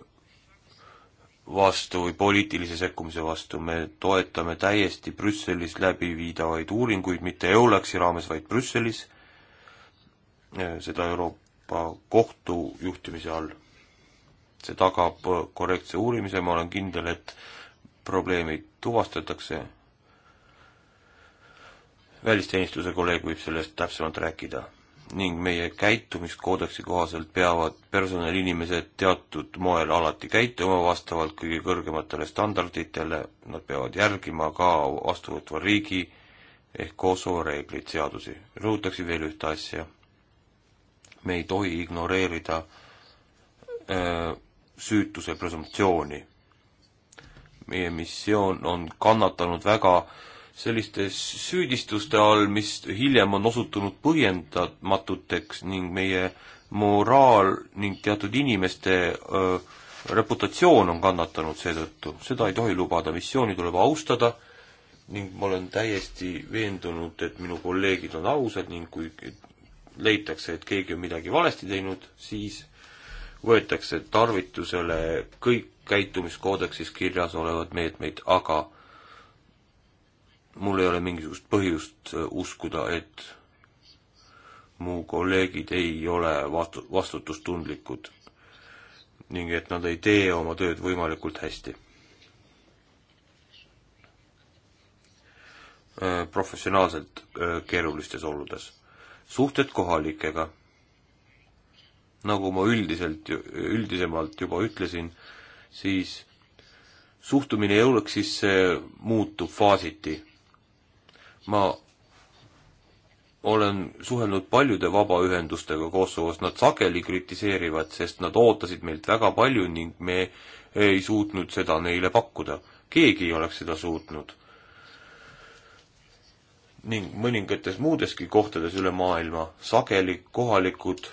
vastu või poliitilise sekkumise vastu, me toetame täiesti Brüsselis läbiviidavaid uuringuid, mitte EULEX-i raames, vaid Brüsselis, seda Euroopa Kohtu juhtimise all. see tagab korrektse uurimise, ma olen kindel, et probleemid tuvastatakse välisteenistuse kolleeg võib sellest täpsemalt rääkida ning meie käitumiskoodeksi kohaselt peavad personaliinimesed teatud moel alati käituma vastavalt kõige kõrgematele standarditele, nad peavad järgima ka vastuvõtva riigi ehk Kosovo reegleid, seadusi. rõhutaksin veel ühte asja. me ei tohi ignoreerida öö, äh, süütuse presumptsiooni. meie missioon on kannatanud väga öö, selliste süüdistuste all, mis hiljem on osutunud põhjendamatuteks ning meie moraal ning teatud inimeste öö, reputatsioon on kannatanud seetõttu, seda ei tohi lubada, missiooni tuleb austada ning ma olen täiesti veendunud, et minu kolleegid on ausad ning kui leitakse, et keegi on midagi valesti teinud, siis võetakse tarvitusele kõik käitumiskoodeksis kirjas olevad meetmeid, aga mul ei ole mingisugust põhjust äh, uskuda, et mu kolleegid ei ole vastu, vastutustundlikud ning et nad ei tee oma tööd võimalikult hästi. Äh, professionaalselt äh, keerulistes oludes. suhted kohalikega. nagu ma üldiselt, üldisemalt juba ütlesin, siis suhtumine Eurexisse muutub faasiti ma olen suhelnud paljude vabaühendustega Kosovos, nad sageli kritiseerivad, sest nad ootasid meilt väga palju ning me ei suutnud seda neile pakkuda. keegi ei oleks seda suutnud. ning mõningates muudeski kohtades üle maailma sageli kohalikud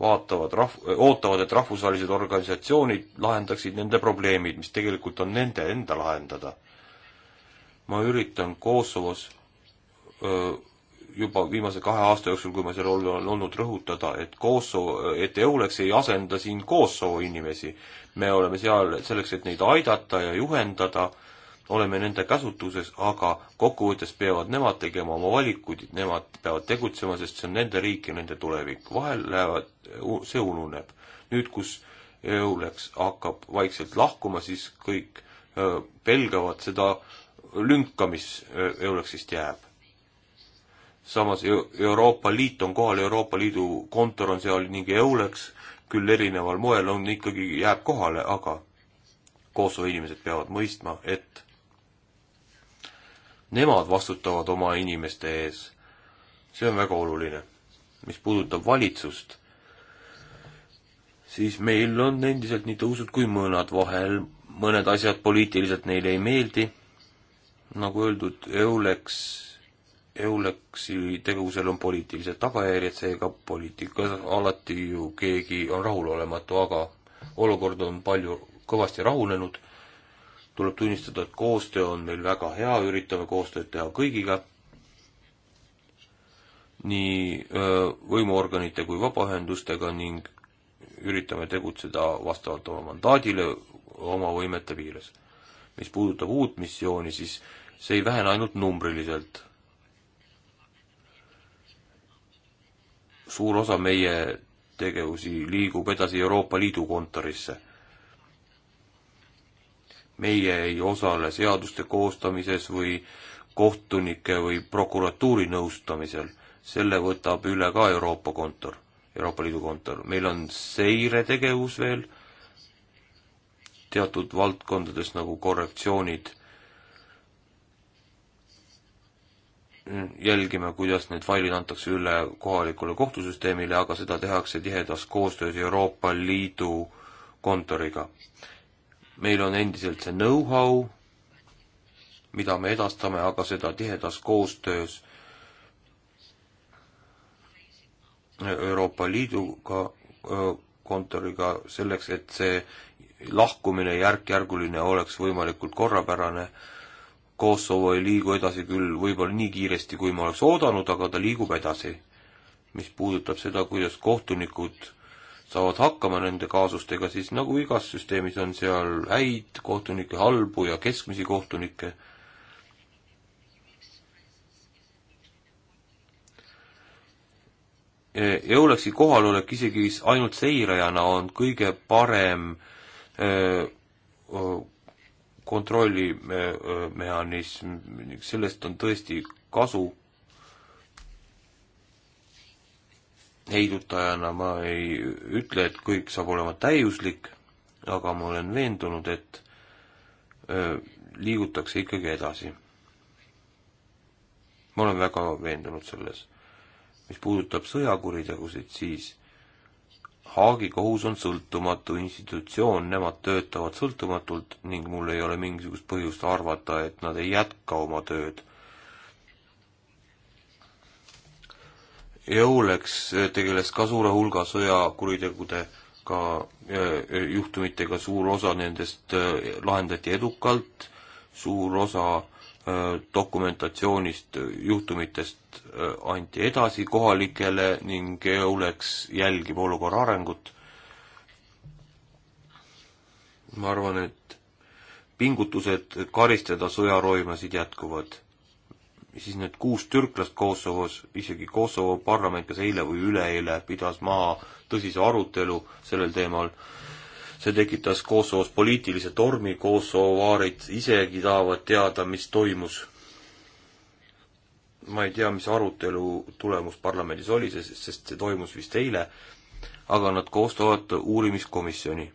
vaatavad rahv-, ootavad, et rahvusvahelised organisatsioonid lahendaksid nende probleemid, mis tegelikult on nende enda lahendada ma üritan Kosovos öö, juba viimase kahe aasta jooksul, kui ma seal olen olnud, rõhutada, et Kosovo, et EULEX ei asenda siin Kosovo inimesi. me oleme seal selleks, et neid aidata ja juhendada, oleme nende käsutuses, aga kokkuvõttes peavad nemad tegema oma valikuid, nemad peavad tegutsema, sest see on nende riik ja nende tulevik. vahel lähevad, see ununeb. nüüd, kus EULEX hakkab vaikselt lahkuma, siis kõik öö, pelgavad seda lünka, mis Euleksist jääb. samas Euroopa Liit on kohal, Euroopa Liidu kontor on seal ning Euleks küll erineval moel on ikkagi, jääb kohale, aga Kosovo inimesed peavad mõistma, et nemad vastutavad oma inimeste ees. see on väga oluline. mis puudutab valitsust, siis meil on endiselt nii tõusud kui mõõnad vahel, mõned asjad poliitiliselt neile ei meeldi nagu öeldud, EULEX, EULEX-i tegevusel on poliitilised tagajärjed, seega poliitikas alati ju keegi on rahulolematu, aga olukord on palju, kõvasti rahunenud, tuleb tunnistada, et koostöö on meil väga hea, üritame koostööd teha kõigiga, nii võimuorganite kui vabaühendustega ning üritame tegutseda vastavalt oma mandaadile oma võimete piires. mis puudutab uut missiooni, siis see ei vähene ainult numbriliselt. suur osa meie tegevusi liigub edasi Euroopa Liidu kontorisse. meie ei osale seaduste koostamises või kohtunike või prokuratuuri nõustamisel, selle võtab üle ka Euroopa kontor, Euroopa Liidu kontor. meil on seiretegevus veel teatud valdkondades nagu korrektsioonid jälgima, kuidas need failid antakse üle kohalikule kohtusüsteemile, aga seda tehakse tihedas koostöös Euroopa Liidu kontoriga. meil on endiselt see know-how, mida me edastame, aga seda tihedas koostöös Euroopa Liiduga, kontoriga, selleks et see lahkumine järk-järguline oleks võimalikult korrapärane Kosovo ei liigu edasi küll võib-olla nii kiiresti, kui ma oleks oodanud, aga ta liigub edasi. mis puudutab seda, kuidas kohtunikud saavad hakkama nende kaasustega, siis nagu igas süsteemis on seal häid kohtunikke, halbu ja keskmisi kohtunikke. E, Euleksi kohalolek isegi ainult seirajana on kõige parem öö, e, kontrollimehhanism, sellest on tõesti kasu. heidutajana ma ei ütle, et kõik saab olema täiuslik, aga ma olen veendunud, et liigutakse ikkagi edasi. ma olen väga veendunud selles. mis puudutab sõjakuritegusid, siis Haagi kohus on sõltumatu institutsioon, nemad töötavad sõltumatult ning mul ei ole mingisugust põhjust arvata, et nad ei jätka oma tööd. Eulex tegeles ka suure hulga sõjakuritegudega, juhtumitega, suur osa nendest lahendati edukalt, suur osa Äh, dokumentatsioonist, juhtumitest äh, anti edasi kohalikele ning EULEX jälgib olukorra arengut. ma arvan, et pingutused karistada sõjaroimasid jätkuvad. siis need kuus türklast Kosovos, isegi Kosovo parlament kas eile või üleeile pidas maha tõsise arutelu sellel teemal see tekitas Kosovos poliitilise tormi, kosovaarid isegi tahavad teada, mis toimus. ma ei tea, mis arutelu tulemus parlamendis oli, sest see toimus vist eile, aga nad koostavad uurimiskomisjoni.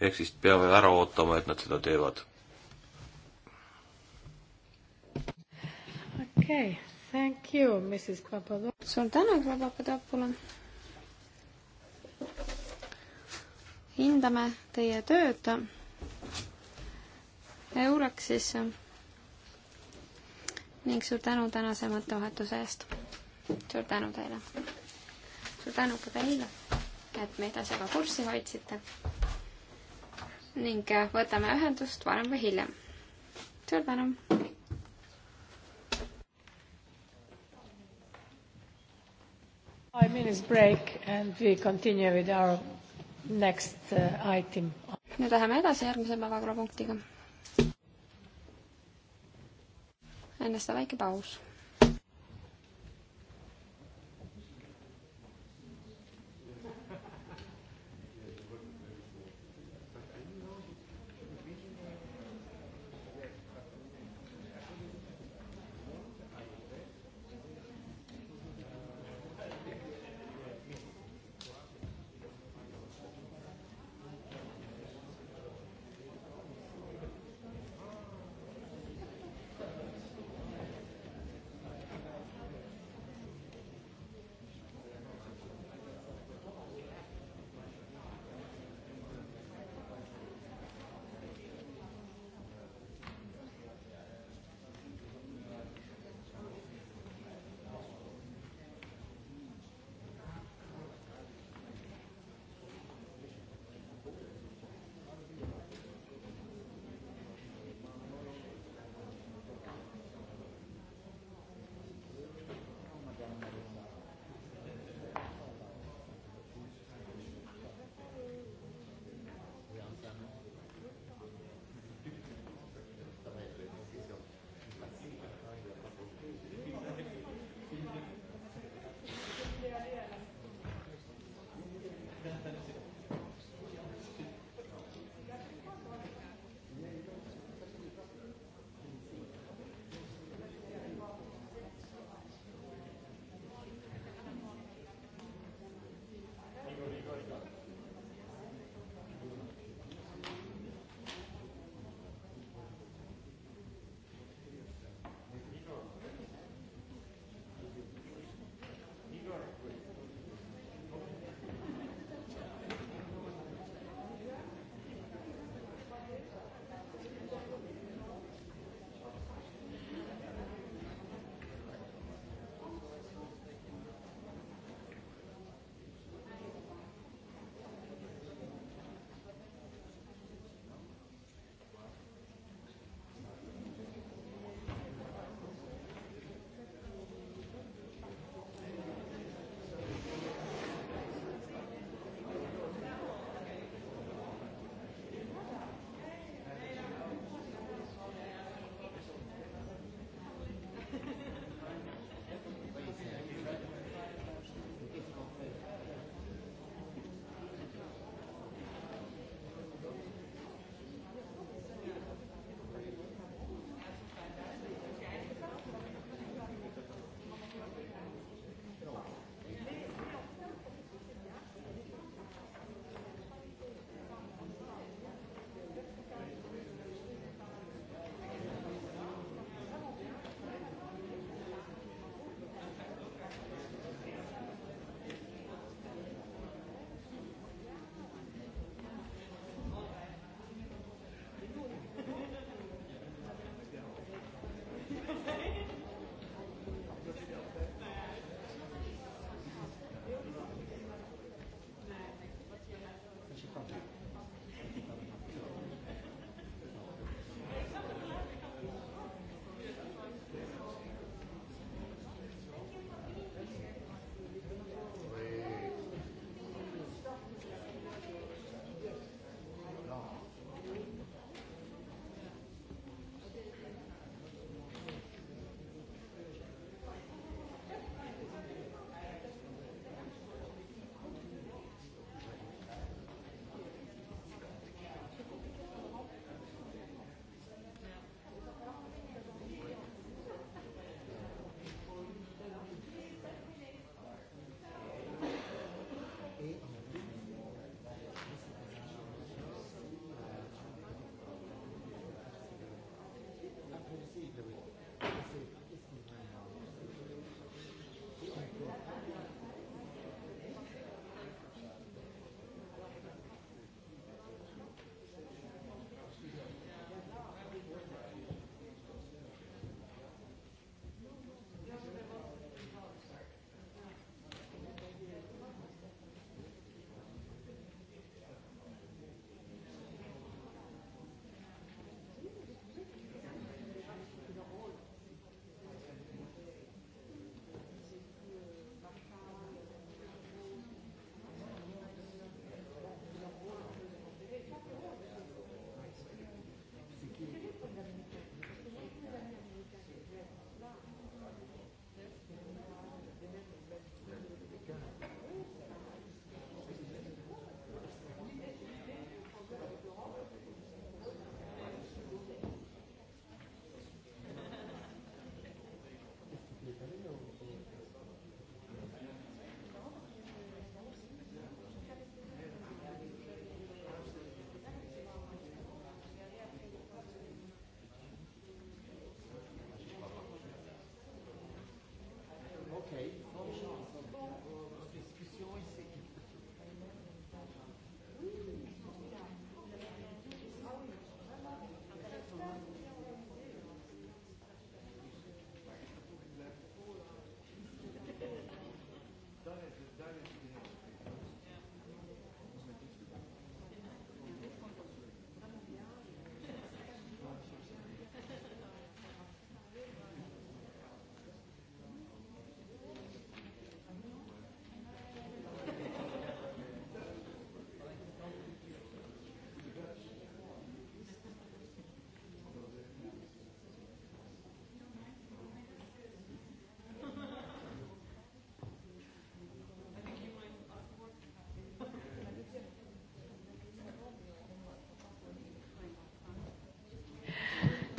ehk siis peame ära ootama, et nad seda teevad. okei okay,, thank you, Mrs Papadopoulos. suur tänu, proua Papadopoulos. hindame teie tööd Eurexis ning suur tänu tänase mõttevahetuse eest. suur tänu teile. suur tänu ka teile, et meid asjaga kurssi hoidsite. ning eh, võtame ühendust varem või hiljem. suur tänu. Five minutes break and we continue with our Next uh, item. nüüd läheme edasi järgmise päevakorrapunktiga. enne seda väike paus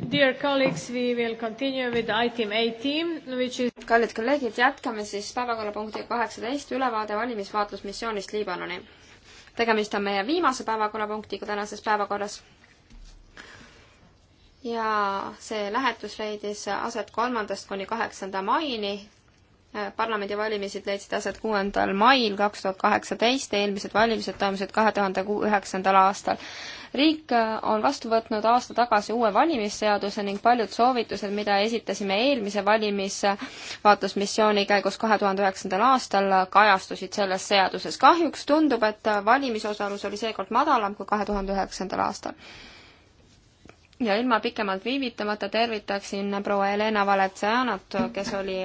Dear colleagues, we will continue with item 18, which is... kallid kolleegid, jätkame siis päevakorrapunkti kaheksateist, ülevaade valimisvaatlusmissioonist Liibanoni. tegemist on meie viimase päevakorrapunktiga tänases päevakorras. ja see lähetus leidis aset kolmandast kuni kaheksanda maini parlamendivalimised leidsid aset kuuendal mail kaks tuhat kaheksateist ja eelmised valimised toimusid kahe tuhande üheksandal aastal riik äh, on vastu võtnud aasta tagasi uue valimisseaduse ning paljud soovitused, mida esitasime eelmise valimisvaatlusmissiooni käigus kahe tuhande üheksandal aastal, äh, kajastusid selles seaduses. kahjuks tundub, et äh, valimisosalus oli seekord madalam kui kahe tuhande üheksandal aastal ja ilma pikemalt viivitamata tervitaksin proua Helena Valetseanat, kes oli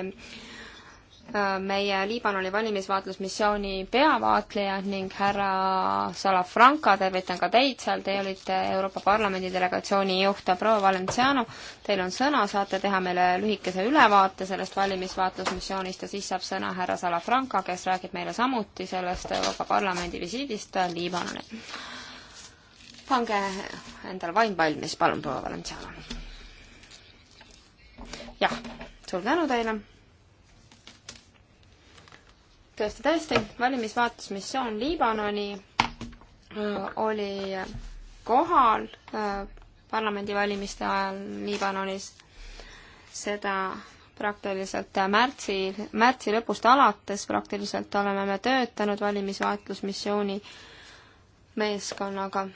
Äh, meie Liibanoni valimisvaatlusmissiooni peavaatleja ning härra Salafranca, tervitan ka teid seal, te olite Euroopa Parlamendi delegatsiooni juht ja proua Valenciano, teil on sõna, saate teha meile lühikese ülevaate sellest valimisvaatlusmissioonist ja siis saab sõna härra Salafranca, kes räägib meile samuti sellest Euroopa Parlamendi visiidist Liibanoni. pange endal vaim valmis, palun, proua Valenciano. jah, suur tänu teile tõesti, tõesti, valimisvaatlusmissioon Liibanoni oli kohal parlamendivalimiste ajal Liibanonis. seda praktiliselt märtsi, märtsi lõpust alates praktiliselt oleme me töötanud valimisvaatlusmissiooni meeskonnaga.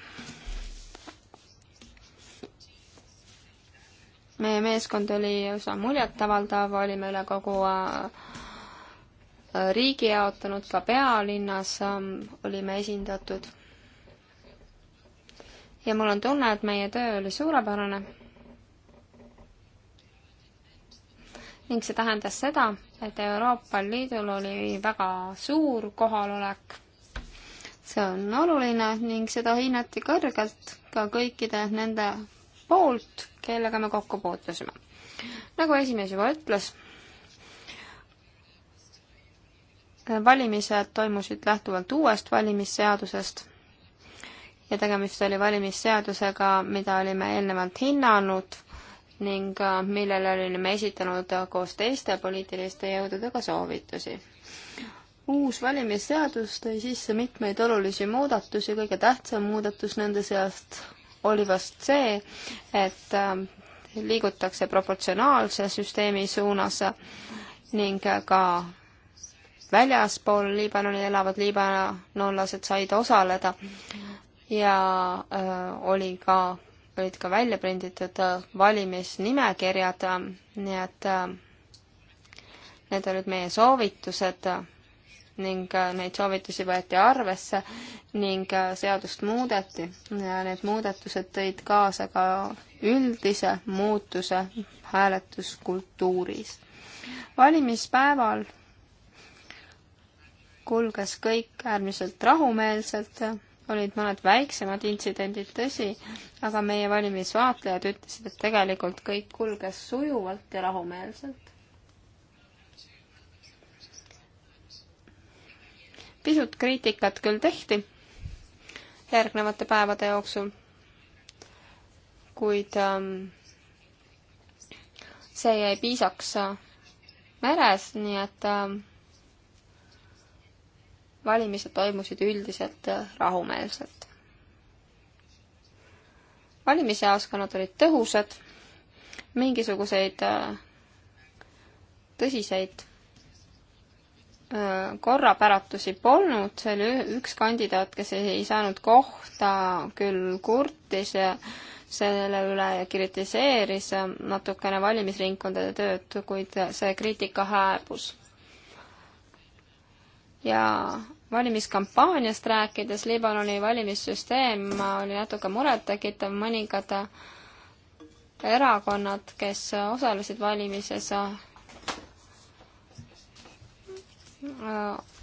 meie meeskond oli üsna muljetavaldav, olime üle kogu riigi jaotanud, ka pealinnas ähm, olime esindatud. ja mul on tunne, et meie töö oli suurepärane. ning see tähendas seda, et Euroopa Liidul oli väga suur kohalolek. see on oluline ning seda hinnati kõrgelt ka kõikide nende poolt, kellega me kokku puutusime. nagu esimees juba ütles valimised toimusid lähtuvalt uuest valimisseadusest ja tegemist oli valimisseadusega, mida olime eelnevalt hinnanud ning äh, millele olime esitanud koos teiste poliitiliste jõududega soovitusi. uus valimisseadus tõi sisse mitmeid olulisi muudatusi, kõige tähtsam muudatus nende seast oli vast see, et äh, liigutakse proportsionaalse süsteemi suunas ning äh, ka väljaspool Liibanoni elavad liibanonlased said osaleda ja äh, oli ka, olid ka välja prinditud äh, valimisnimekirjad äh,, nii et äh, need olid meie soovitused äh, ning äh, neid soovitusi võeti arvesse ning äh, seadust muudeti ja need muudatused tõid kaasa ka üldise muutuse hääletuskultuuris. valimispäeval kulges kõik äärmiselt rahumeelselt, olid mõned väiksemad intsidendid, tõsi, aga meie valimisvaatlejad ütlesid, et tegelikult kõik kulges sujuvalt ja rahumeelselt. pisut kriitikat küll tehti järgnevate päevade jooksul, kuid ähm, see jäi piisaks äh, meres, nii et ähm, valimised toimusid üldiselt rahumeelselt. valimisjaoskonnad olid tõhusad, mingisuguseid äh, tõsiseid äh, korrapäratusi polnud, see oli üks kandidaat, kes ei saanud kohta, küll kurtis selle üle ja kritiseeris äh, natukene valimisringkondade tööd, kuid see kriitika hääbus. ja valimiskampaaniast rääkides, Liibanoni valimissüsteem oli natuke murettekitav, mõningad erakonnad, kes osalesid valimises,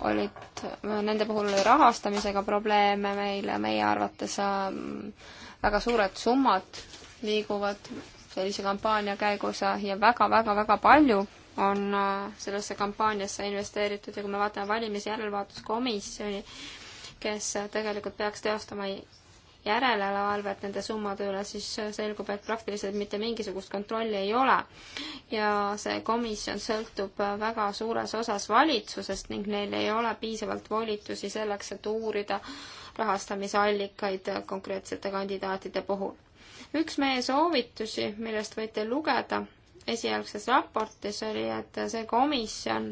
olid, nende puhul oli rahastamisega probleeme meil, meie arvates mm, väga suured summad liiguvad sellise kampaania käigus ja väga-väga-väga palju on äh, sellesse kampaaniasse investeeritud ja kui me vaatame valimisjärelvaatuskomisjoni, kes äh, tegelikult peaks teostama järelevalvet nende summade üle, siis äh, selgub, et praktiliselt mitte mingisugust kontrolli ei ole. ja see komisjon sõltub väga suures osas valitsusest ning neil ei ole piisavalt volitusi selleks, et uurida rahastamisallikaid konkreetsete kandidaatide puhul. üks meie soovitusi, millest võite lugeda, esialgses raportis oli, et see komisjon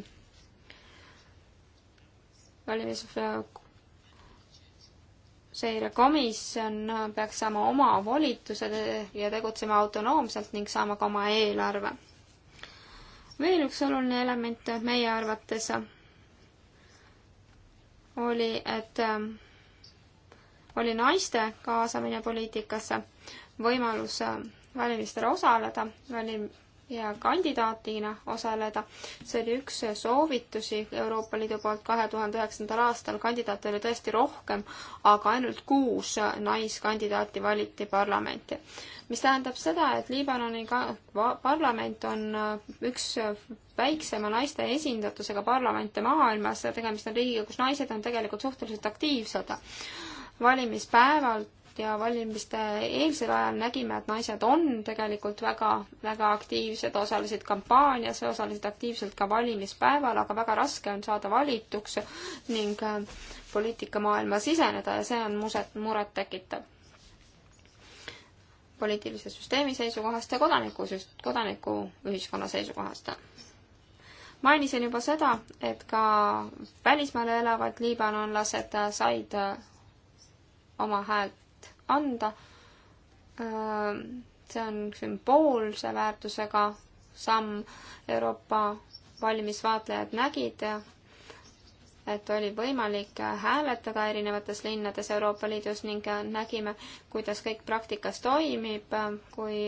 valimis-, äh, seirekomisjon peaks saama oma volitused äh, ja tegutsema autonoomselt ning saama ka oma eelarve. veel üks oluline element meie arvates oli, et äh, oli naiste kaasamine poliitikasse, võimalus valimistel osaleda, valim-, ja kandidaatina osaleda. see oli üks soovitusi Euroopa Liidu poolt kahe tuhande üheksandal aastal, kandidaate oli tõesti rohkem, aga ainult kuus naiskandidaati valiti parlamenti. mis tähendab seda, et Liibanoni parlament on äh, üks väiksema naiste esindatusega parlamente maailmas ja tegemist on riigiga, kus naised on tegelikult suhteliselt aktiivsed valimispäevalt ja valimiste eelsel ajal nägime, et naised on tegelikult väga, väga aktiivsed, osalesid kampaanias, osalesid aktiivselt ka valimispäeval, aga väga raske on saada valituks ning äh, poliitikamaailma siseneda ja see on muset, murettekitav. poliitilise süsteemi seisukohast ja kodaniku, kodanikuühiskonna seisukohast mainisin juba seda, et ka välismaal elavad liibanonlased said äh, oma häält anda. see on sümboolse väärtusega samm. Euroopa valimisvaatlejad nägid, et oli võimalik hääletada erinevates linnades Euroopa Liidus ning nägime, kuidas kõik praktikas toimib, kui,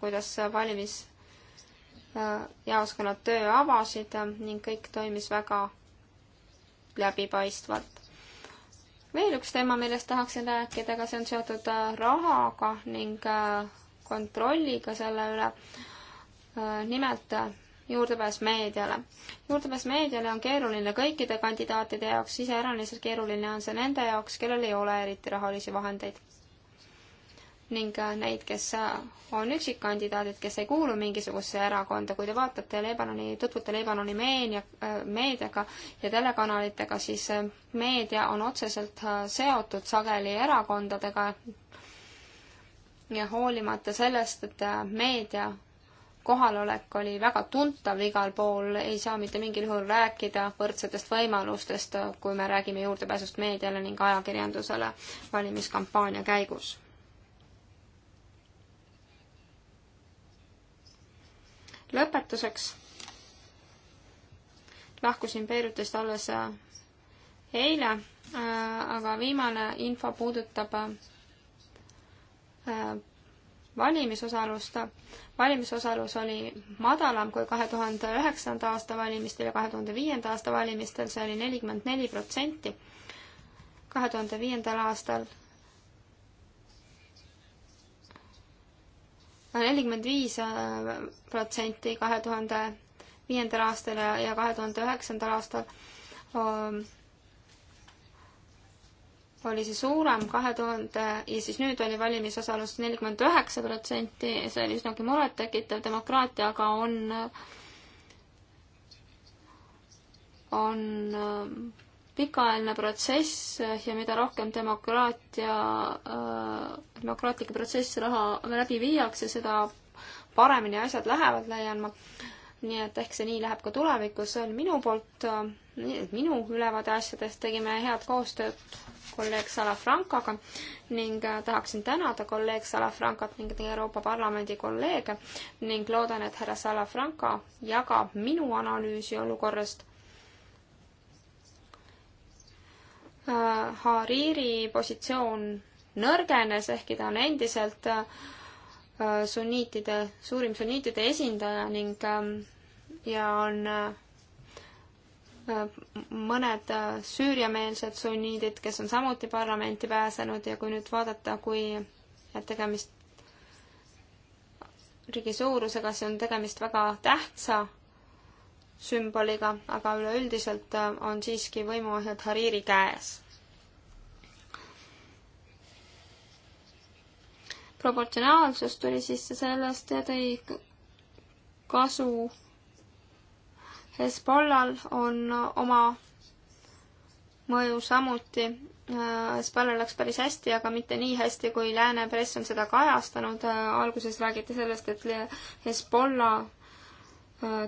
kuidas valimisjaoskonnad töö avasid ning kõik toimis väga läbipaistvalt veel üks teema, millest tahaksin rääkida, aga see on seotud äh, rahaga ning äh, kontrolliga selle üle. Äh, nimelt juurdepääs meediale. juurdepääs meediale on keeruline kõikide kandidaatide jaoks, iseäranis keeruline on see nende jaoks, kellel ei ole eriti rahalisi vahendeid ning äh, neid, kes äh, on üksikkandidaadid, kes ei kuulu mingisugusesse erakonda, kui te vaatate Leebanoni, tutvute Leebanoni meenia, äh, meediaga ja telekanalitega, siis meedia on otseselt seotud sageli erakondadega ja hoolimata sellest, et meedia kohalolek oli väga tuntav igal pool, ei saa mitte mingil juhul rääkida võrdsetest võimalustest, kui me räägime juurdepääsust meediale ning ajakirjandusele valimiskampaania käigus. lõpetuseks lahkusin Beirutist alles äh, eile, äh, aga viimane info puudutab äh, valimisosalust. valimisosalus oli madalam kui kahe tuhande üheksanda aasta valimistel ja kahe tuhande viienda aasta valimistel, see oli nelikümmend neli protsenti. kahe tuhande viiendal aastal nelikümmend viis äh, protsenti kahe tuhande viiendal aastal ja kahe tuhande üheksandal aastal ähm, oli see suurem, kahe tuhande ja siis nüüd oli valimisosalus nelikümmend üheksa protsenti, see oli üsnagi murettekitav, demokraatia aga on, on ähm, pikaajaline protsess ja mida rohkem demokraatia, äh, demokraatlikke protsesse raha läbi viiakse, seda paremini asjad lähevad, leian ma. nii et ehk see nii läheb ka tulevikus, see on minu poolt, äh, minu ülevaade asjadest, tegime head koostööd kolleeg Salafrankaga ning äh, tahaksin tänada kolleeg Salafrankat ning Euroopa Parlamendi kolleege ning loodan, et härra Salafranka jagab minu analüüsi olukorrast Äh, Hariri positsioon nõrgenes, ehkki ta on endiselt äh, sunniitide, suurim sunniitide esindaja ning ähm, ja on äh, mõned süüriameelsed sunniidid, kes on samuti parlamenti pääsenud ja kui nüüd vaadata, kui tegemist riigi suurusega, siis on tegemist väga tähtsa sümboliga, aga üleüldiselt äh, on siiski võimuohjad Hariri käes. proportsionaalsus tuli sisse sellest ja tõi kasu. Hezbollal on oma mõju samuti. Äh, Hezbollal läks päris hästi, aga mitte nii hästi, kui lääne press on seda kajastanud. Äh, alguses räägiti sellest, et Hezbollah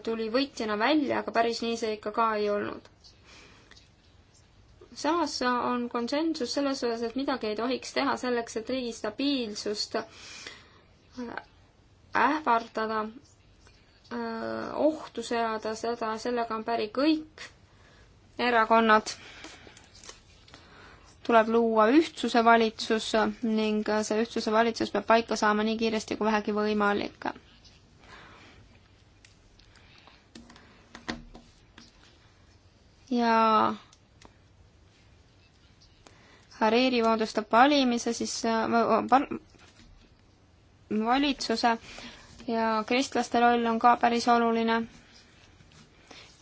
tuli võitjana välja, aga päris nii see ikka ka ei olnud. samas on konsensus selles osas, et midagi ei tohiks teha selleks, et riigi stabiilsust äh, ähvardada, äh, ohtu seada, seda, sellega on päri kõik erakonnad. tuleb luua ühtsuse valitsus ning see ühtsuse valitsus peab paika saama nii kiiresti kui vähegi võimalik ja Hariri moodustab valimise, siis äh, valitsuse ja kristlaste roll on ka päris oluline.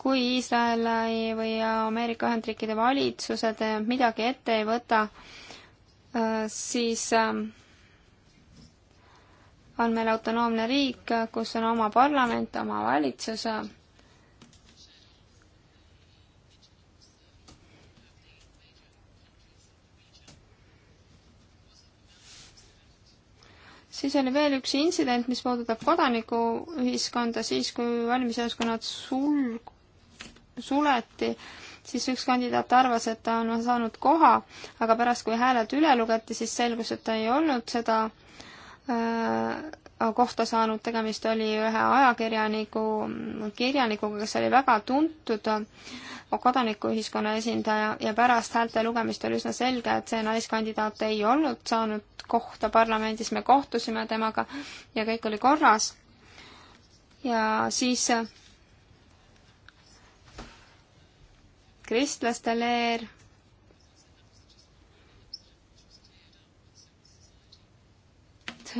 kui Iisraeli või Ameerika Ühendriikide valitsused midagi ette ei võta, äh, siis äh, on meil autonoomne riik, kus on oma parlament, oma valitsus siis oli veel üks intsident, mis puudutab kodanikuühiskonda, siis kui valimisjaoskonnad sul-, suleti, siis üks kandidaat arvas, et ta on saanud koha, aga pärast, kui hääled üle lugeti, siis selgus, et ta ei olnud seda äh, kohta saanud, tegemist oli ühe ajakirjaniku, kirjanikuga, kes oli väga tuntud äh, kodanikuühiskonna esindaja ja pärast häälte lugemist oli üsna selge, et see naiskandidaat ei olnud saanud kohta parlamendis, me kohtusime temaga ja kõik oli korras. ja siis kristlaste leer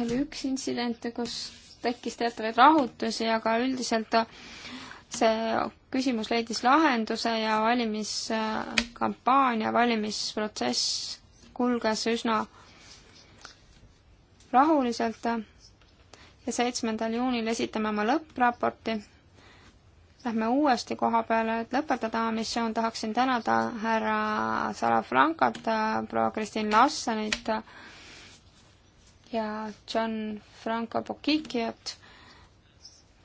oli üks intsidente, kus tekkis teatavaid rahutusi, aga üldiselt see küsimus leidis lahenduse ja valimiskampaania, valimisprotsess kulges üsna rahuliselt ja seitsmendal juunil esitame oma lõppraporti. Lähme uuesti koha peale, et lõpetada missioon, tahaksin tänada härra Salafrankat, proua Kristin Lassenit ja John Franco Pokikiat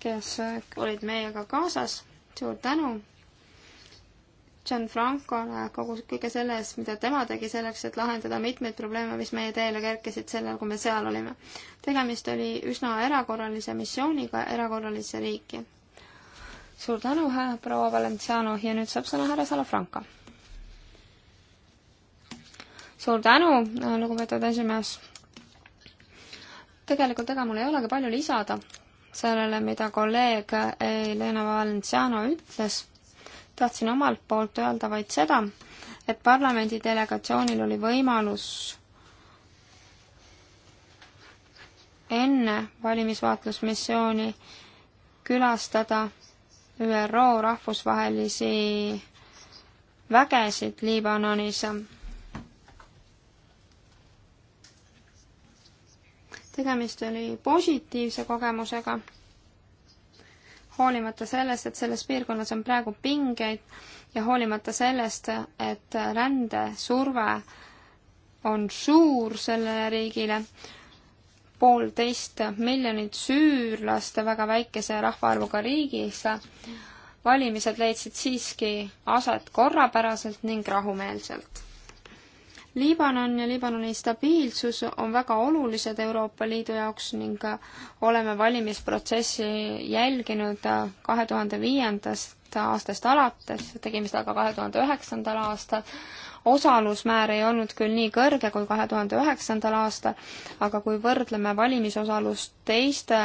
kes olid meiega kaasas. suur tänu Gianfrancole kogu, kõige selle eest, mida tema tegi selleks, et lahendada mitmeid probleeme, mis meie teele kerkisid sellel, kui me seal olime. tegemist oli üsna erakorralise missiooniga erakorralisse riiki. suur tänu, proua Valenciano ja nüüd saab sõna härra Salafranca. suur tänu, lugupeetud esimees. tegelikult ega mul ei olegi palju lisada sellele, mida kolleeg Elena Valenciano ütles, tahtsin omalt poolt öelda vaid seda, et parlamendi delegatsioonil oli võimalus enne valimisvaatlusmissiooni külastada ÜRO rahvusvahelisi vägesid Liibanonis tegemist oli positiivse kogemusega, hoolimata sellest, et selles piirkonnas on praegu pingeid ja hoolimata sellest, et rändesurve on suur sellele riigile, poolteist miljonit süürlast väga väikese rahvaarvuga riigis, valimised leidsid siiski aset korrapäraselt ning rahumeelselt Liibanon ja Liibanoni stabiilsus on väga olulised Euroopa Liidu jaoks ning oleme valimisprotsessi jälginud kahe tuhande viiendast aastast alates, tegime seda ka kahe tuhande üheksandal aastal. osalusmäär ei olnud küll nii kõrge kui kahe tuhande üheksandal aastal, aga kui võrdleme valimisosalust teiste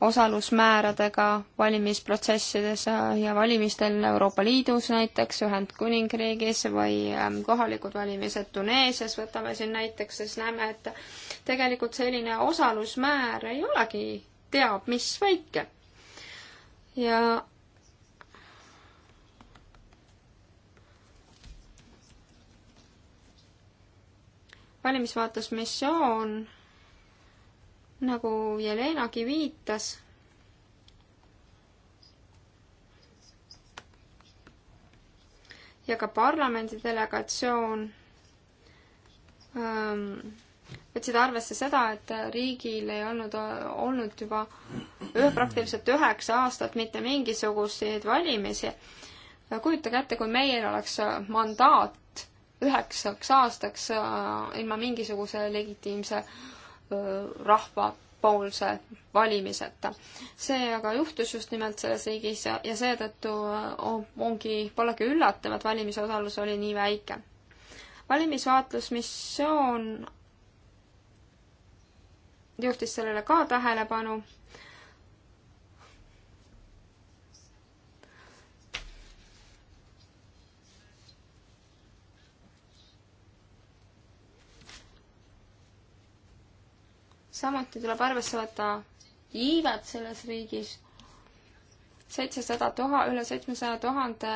osalusmääradega valimisprotsessides äh, ja valimistel Euroopa Liidus näiteks, Ühendkuningriigis või ähm, kohalikud valimised Tuneesias, võtame siin näiteks, siis näeme, et tegelikult selline osalusmäär ei olegi teab mis väike. ja valimisvaatlusmissioon nagu Jelenagi viitas, ja ka parlamendi delegatsioon ähm, võtsid arvesse seda, et riigil ei olnud olnud juba ühe, praktiliselt üheksa aastat mitte mingisuguseid valimisi. kujutage ette, kui meil oleks mandaat üheksaks aastaks äh, ilma mingisuguse legitiimse äh, Äh, rahva poolse valimiseta. see aga juhtus just nimelt selles riigis ja, ja seetõttu äh, ongi, polegi üllatav, et valimisosalus oli nii väike. valimisvaatlusmissioon juhtis sellele ka tähelepanu samuti tuleb arvesse võtta iivet selles riigis. seitsesada tuhat, üle seitsmesaja tuhande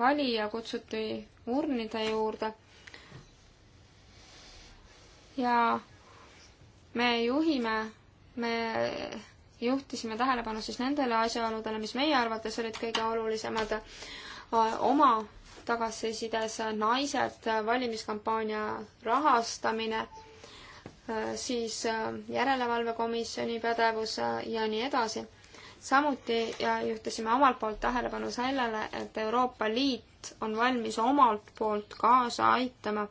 valija kutsuti urnide juurde. ja me juhime, me juhtisime tähelepanu siis nendele asjaoludele, mis meie arvates olid kõige olulisemad oma tagasisides, naised, valimiskampaania rahastamine Äh, siis äh, järelevalvekomisjoni pädevus äh, ja nii edasi. samuti juhtisime omalt poolt tähelepanu sellele, et Euroopa Liit on valmis omalt poolt kaasa aitama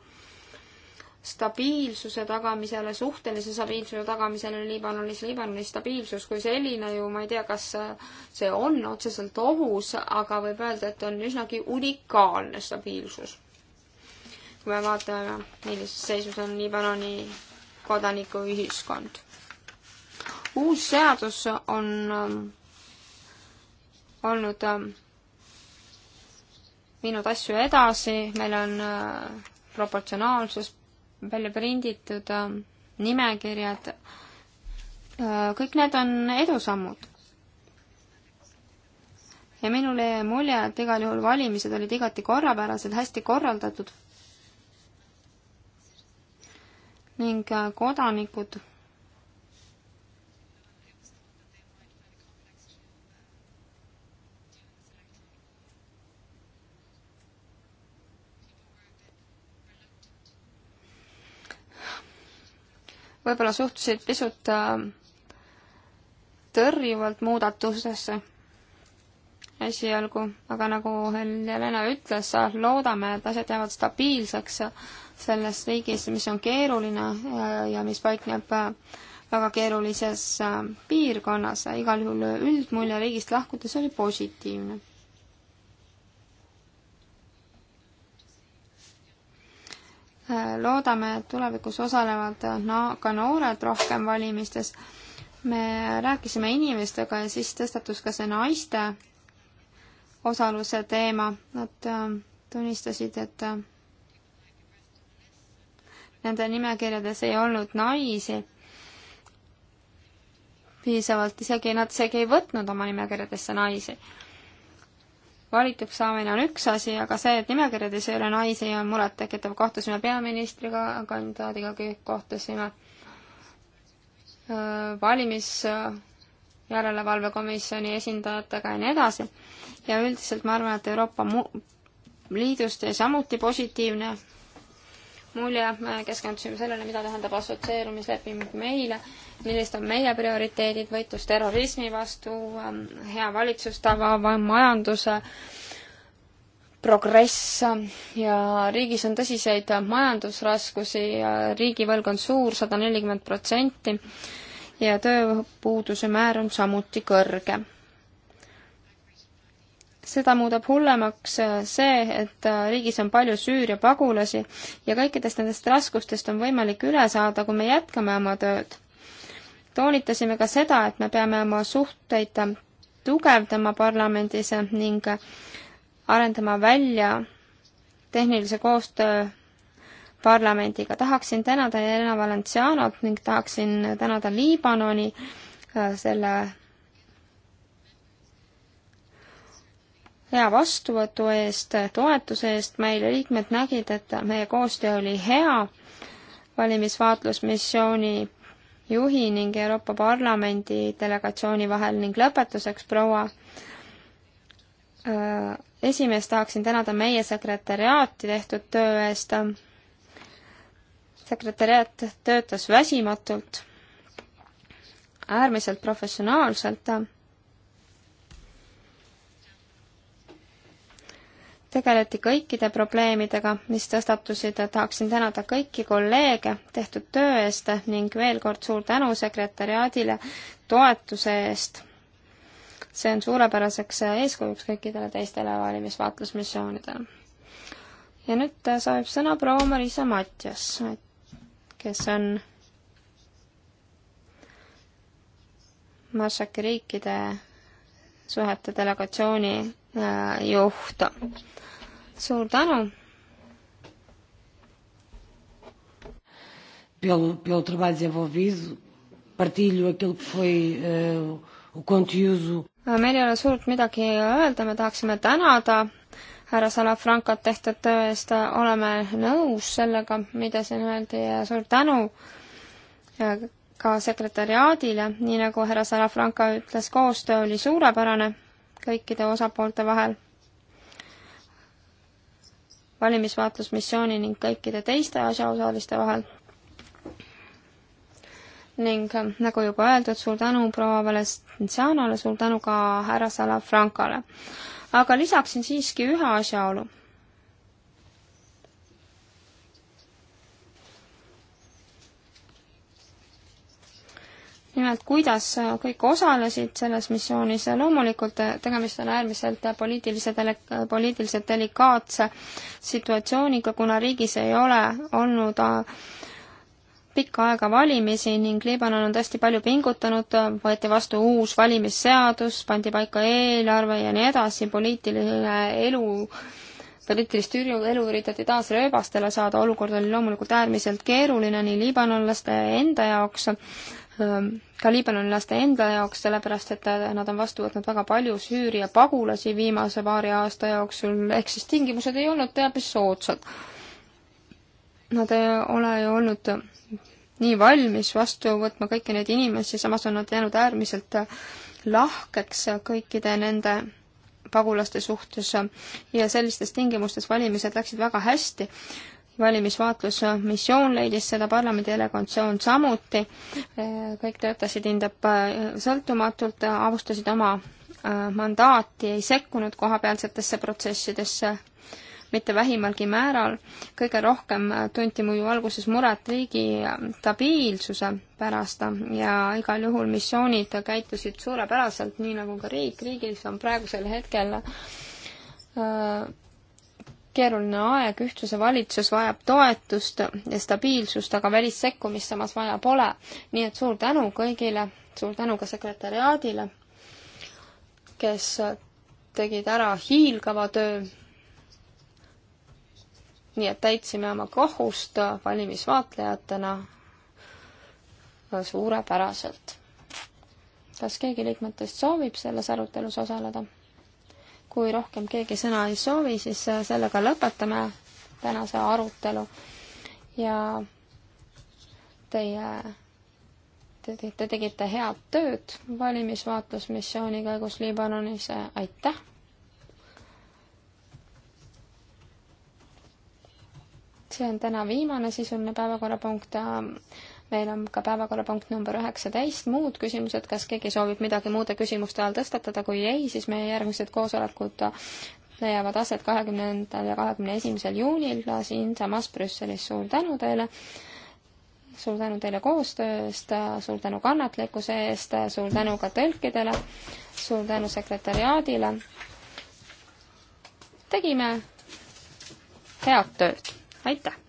stabiilsuse tagamisele, suhtelise stabiilsuse tagamisele Liibanonis, Liibanoni stabiilsus kui selline ju, ma ei tea, kas see on otseselt ohus, aga võib öelda, et on üsnagi unikaalne stabiilsus. kui me vaatame, millises seisus on Liibanoni kodanikuühiskond. uus seadus on ähm, olnud ähm,, viinud asju edasi, meil on äh, proportsionaalsus välja prinditud äh,, nimekirjad äh,, kõik need on edusammud ja minule jäi mulje, et igal juhul valimised olid igati korrapärased, hästi korraldatud ning äh, kodanikud võib-olla suhtusid pisut äh, tõrjuvalt muudatustesse esialgu, aga nagu Helena ütles, loodame, et asjad jäävad stabiilseks selles riigis, mis on keeruline äh, ja mis paikneb äh, väga keerulises äh, piirkonnas, igal juhul üldmulje riigist lahkudes oli positiivne. loodame, et tulevikus osalevad na-, ka noored rohkem valimistes. me rääkisime inimestega ja siis tõstatus ka see naiste osaluse teema, nad tunnistasid, et nende nimekirjades ei olnud naisi piisavalt, isegi nad isegi ei võtnud oma nimekirjadesse naisi. valituks saamine on üks asi, aga see, et nimekirjades ei ole naisi, on murettekitav. kohtusime peaministriga, kandidaadiga kohtusime valimisjärelevalvekomisjoni esindajatega ja nii edasi. ja üldiselt ma arvan, et Euroopa Liidust ja samuti positiivne mulje, me keskendusime sellele, mida tähendab assotsieerumisleping meile, millised on meie prioriteedid, võitlus terrorismi vastu, ähm, hea valitsustava, majanduse progress ähm, ja riigis on tõsiseid majandusraskusi ja riigivõlg on suur, sada nelikümmend protsenti, ja tööpuuduse määr on samuti kõrge seda muudab hullemaks äh, see, et äh, riigis on palju Süüria pagulasi ja kõikidest nendest raskustest on võimalik üle saada, kui me jätkame oma tööd. toonitasime ka seda, et me peame oma suhteid äh, tugevdama parlamendis ning arendama välja tehnilise koostöö parlamendiga. tahaksin tänada Elena Valencianot ning tahaksin tänada Liibanoni selle hea vastuvõtu eest, toetuse eest, meile liikmed nägid, et meie koostöö oli hea valimisvaatlusmissiooni juhi ning Euroopa Parlamendi delegatsiooni vahel ning lõpetuseks, proua esimees, tahaksin tänada meie sekretäriaati tehtud töö eest. sekretäriat töötas väsimatult, äärmiselt professionaalselt tegeleti kõikide probleemidega, mis tõstatusid, tahaksin tänada kõiki kolleege tehtud töö eest ning veel kord suur tänu sekretäriaadile toetuse eest. see on suurepäraseks eeskujuks kõikidele teistele valimisvaatlusmissioonidele. ja nüüd soovib sõna proua Marisa Matjas, kes on Marsaki riikide suhete delegatsiooni Äh, juht. suur tänu. Pelo, pelo trabalho desenvolvido, partilho aquilo que foi uh, o conteúdo. Äh, meil ei ole suurt midagi öelda, me tahaksime tänada härra Salafrankat tehtud töö eest, oleme nõus sellega, mida siin öeldi ja suur tänu ja äh, ka sekretäriaadile, nii nagu härra Salafranka ütles, koostöö oli suurepärane kõikide osapoolte vahel, valimisvaatlusmissiooni ning kõikide teiste asjaosaliste vahel. ning äh, nagu juba öeldud, suur tänu proua Valencianole, suur tänu ka härra Salafrancale. aga lisaksin siiski ühe asjaolu nimelt, kuidas kõik osalesid selles missioonis. loomulikult tegemist on äärmiselt poliitilise dele-, poliitiliselt delikaatse situatsiooniga, kuna riigis ei ole olnud äh, pikka aega valimisi ning Liibanon on tõesti palju pingutanud, võeti vastu uus valimisseadus, pandi paika eelarve ja nii edasi, poliitiline elu poliitilist elu üritati taas rööbastele saada, olukord oli loomulikult äärmiselt keeruline nii liibanonlaste enda jaoks ka ehm, liibanonlaste enda jaoks, sellepärast et äh, nad on vastu võtnud väga palju Süüria pagulasi viimase paari aasta jooksul, ehk siis tingimused ei olnud teab mis soodsad. Nad ei ole ju olnud nii valmis vastu võtma kõiki neid inimesi, samas on nad jäänud äärmiselt äh, lahkeks kõikide nende pagulaste suhtes ja sellistes tingimustes valimised läksid väga hästi valimisvaatlusmissioon leidis seda, parlamendi delegatsioon samuti, kõik töötasid hindab äh, sõltumatult, avustasid oma äh, mandaati, ei sekkunud kohapealsetesse protsessidesse mitte vähimalgi määral. kõige rohkem äh, tunti muidu alguses muret riigi stabiilsuse pärast ja igal juhul missioonid käitusid suurepäraselt, nii nagu ka riik. riigis on praegusel hetkel öö, keeruline aeg, ühtsuse valitsus vajab toetust ja stabiilsust, aga välissekkumist samas vaja pole. nii et suur tänu kõigile, suur tänu ka sekretäriaadile, kes tegid ära hiilgava töö. nii et täitsime oma kohust valimisvaatlejatena suurepäraselt. kas keegi liikmetest soovib selles arutelus osaleda? kui rohkem keegi sõna ei soovi, siis äh, sellega lõpetame tänase arutelu ja teie te, te tegite head tööd valimisvaatlusmissiooni käigus Liibanonis, aitäh! see on täna viimane sisuline päevakorrapunkt meil on ka päevakorrapunkt number üheksateist, muud küsimused, kas keegi soovib midagi muude küsimuste all tõstatada, kui ei, siis meie järgmised koosolekud leiavad aset kahekümnendal ja kahekümne esimesel juunil siinsamas Brüsselis, suur tänu teile! suur tänu teile koostöö eest, suur tänu kannatlikkuse eest, suur tänu ka tõlkidele, suur tänu sekretäriaadile. tegime head tööd, aitäh!